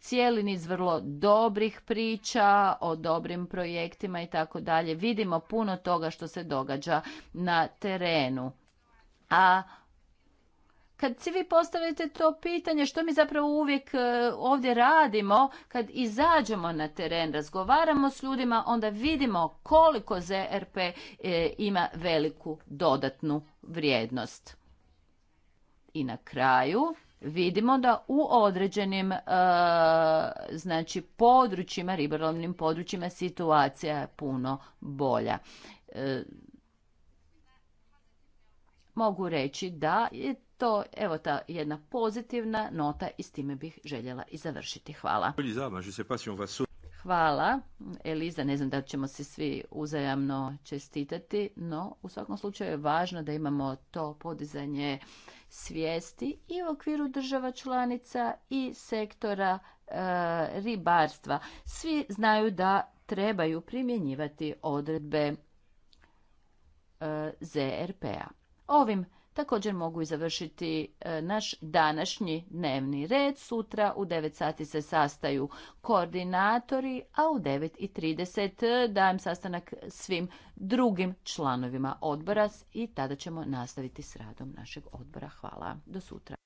cijeli niz vrlo dobrih priča o dobrim projektima i tako dalje. Vidimo puno toga što se događa na terenu. A kad si vi postavite to pitanje što mi zapravo uvijek e, ovdje radimo, kad izađemo na teren, razgovaramo s ljudima, onda vidimo koliko ZRP e, ima veliku dodatnu vrijednost. I na kraju vidimo da u određenim e, znači područjima, ribolovnim područjima situacija je puno bolja. mogu reći da je to evo ta jedna pozitivna nota i s time bih željela i završiti. Hvala. Hvala. Eliza, ne znam da ćemo se svi uzajamno čestitati, no u svakom slučaju je važno da imamo to podizanje svijesti i u okviru država članica i sektora e, ribarstva. Svi znaju da trebaju primjenjivati odredbe e, ZRP-a. Ovim Također mogu i završiti e, naš današnji dnevni red. Sutra u 9 sati se sastaju koordinatori, a u 9.30 e, dajem sastanak svim drugim članovima odbora i tada ćemo nastaviti s radom našeg odbora. Hvala. Do sutra.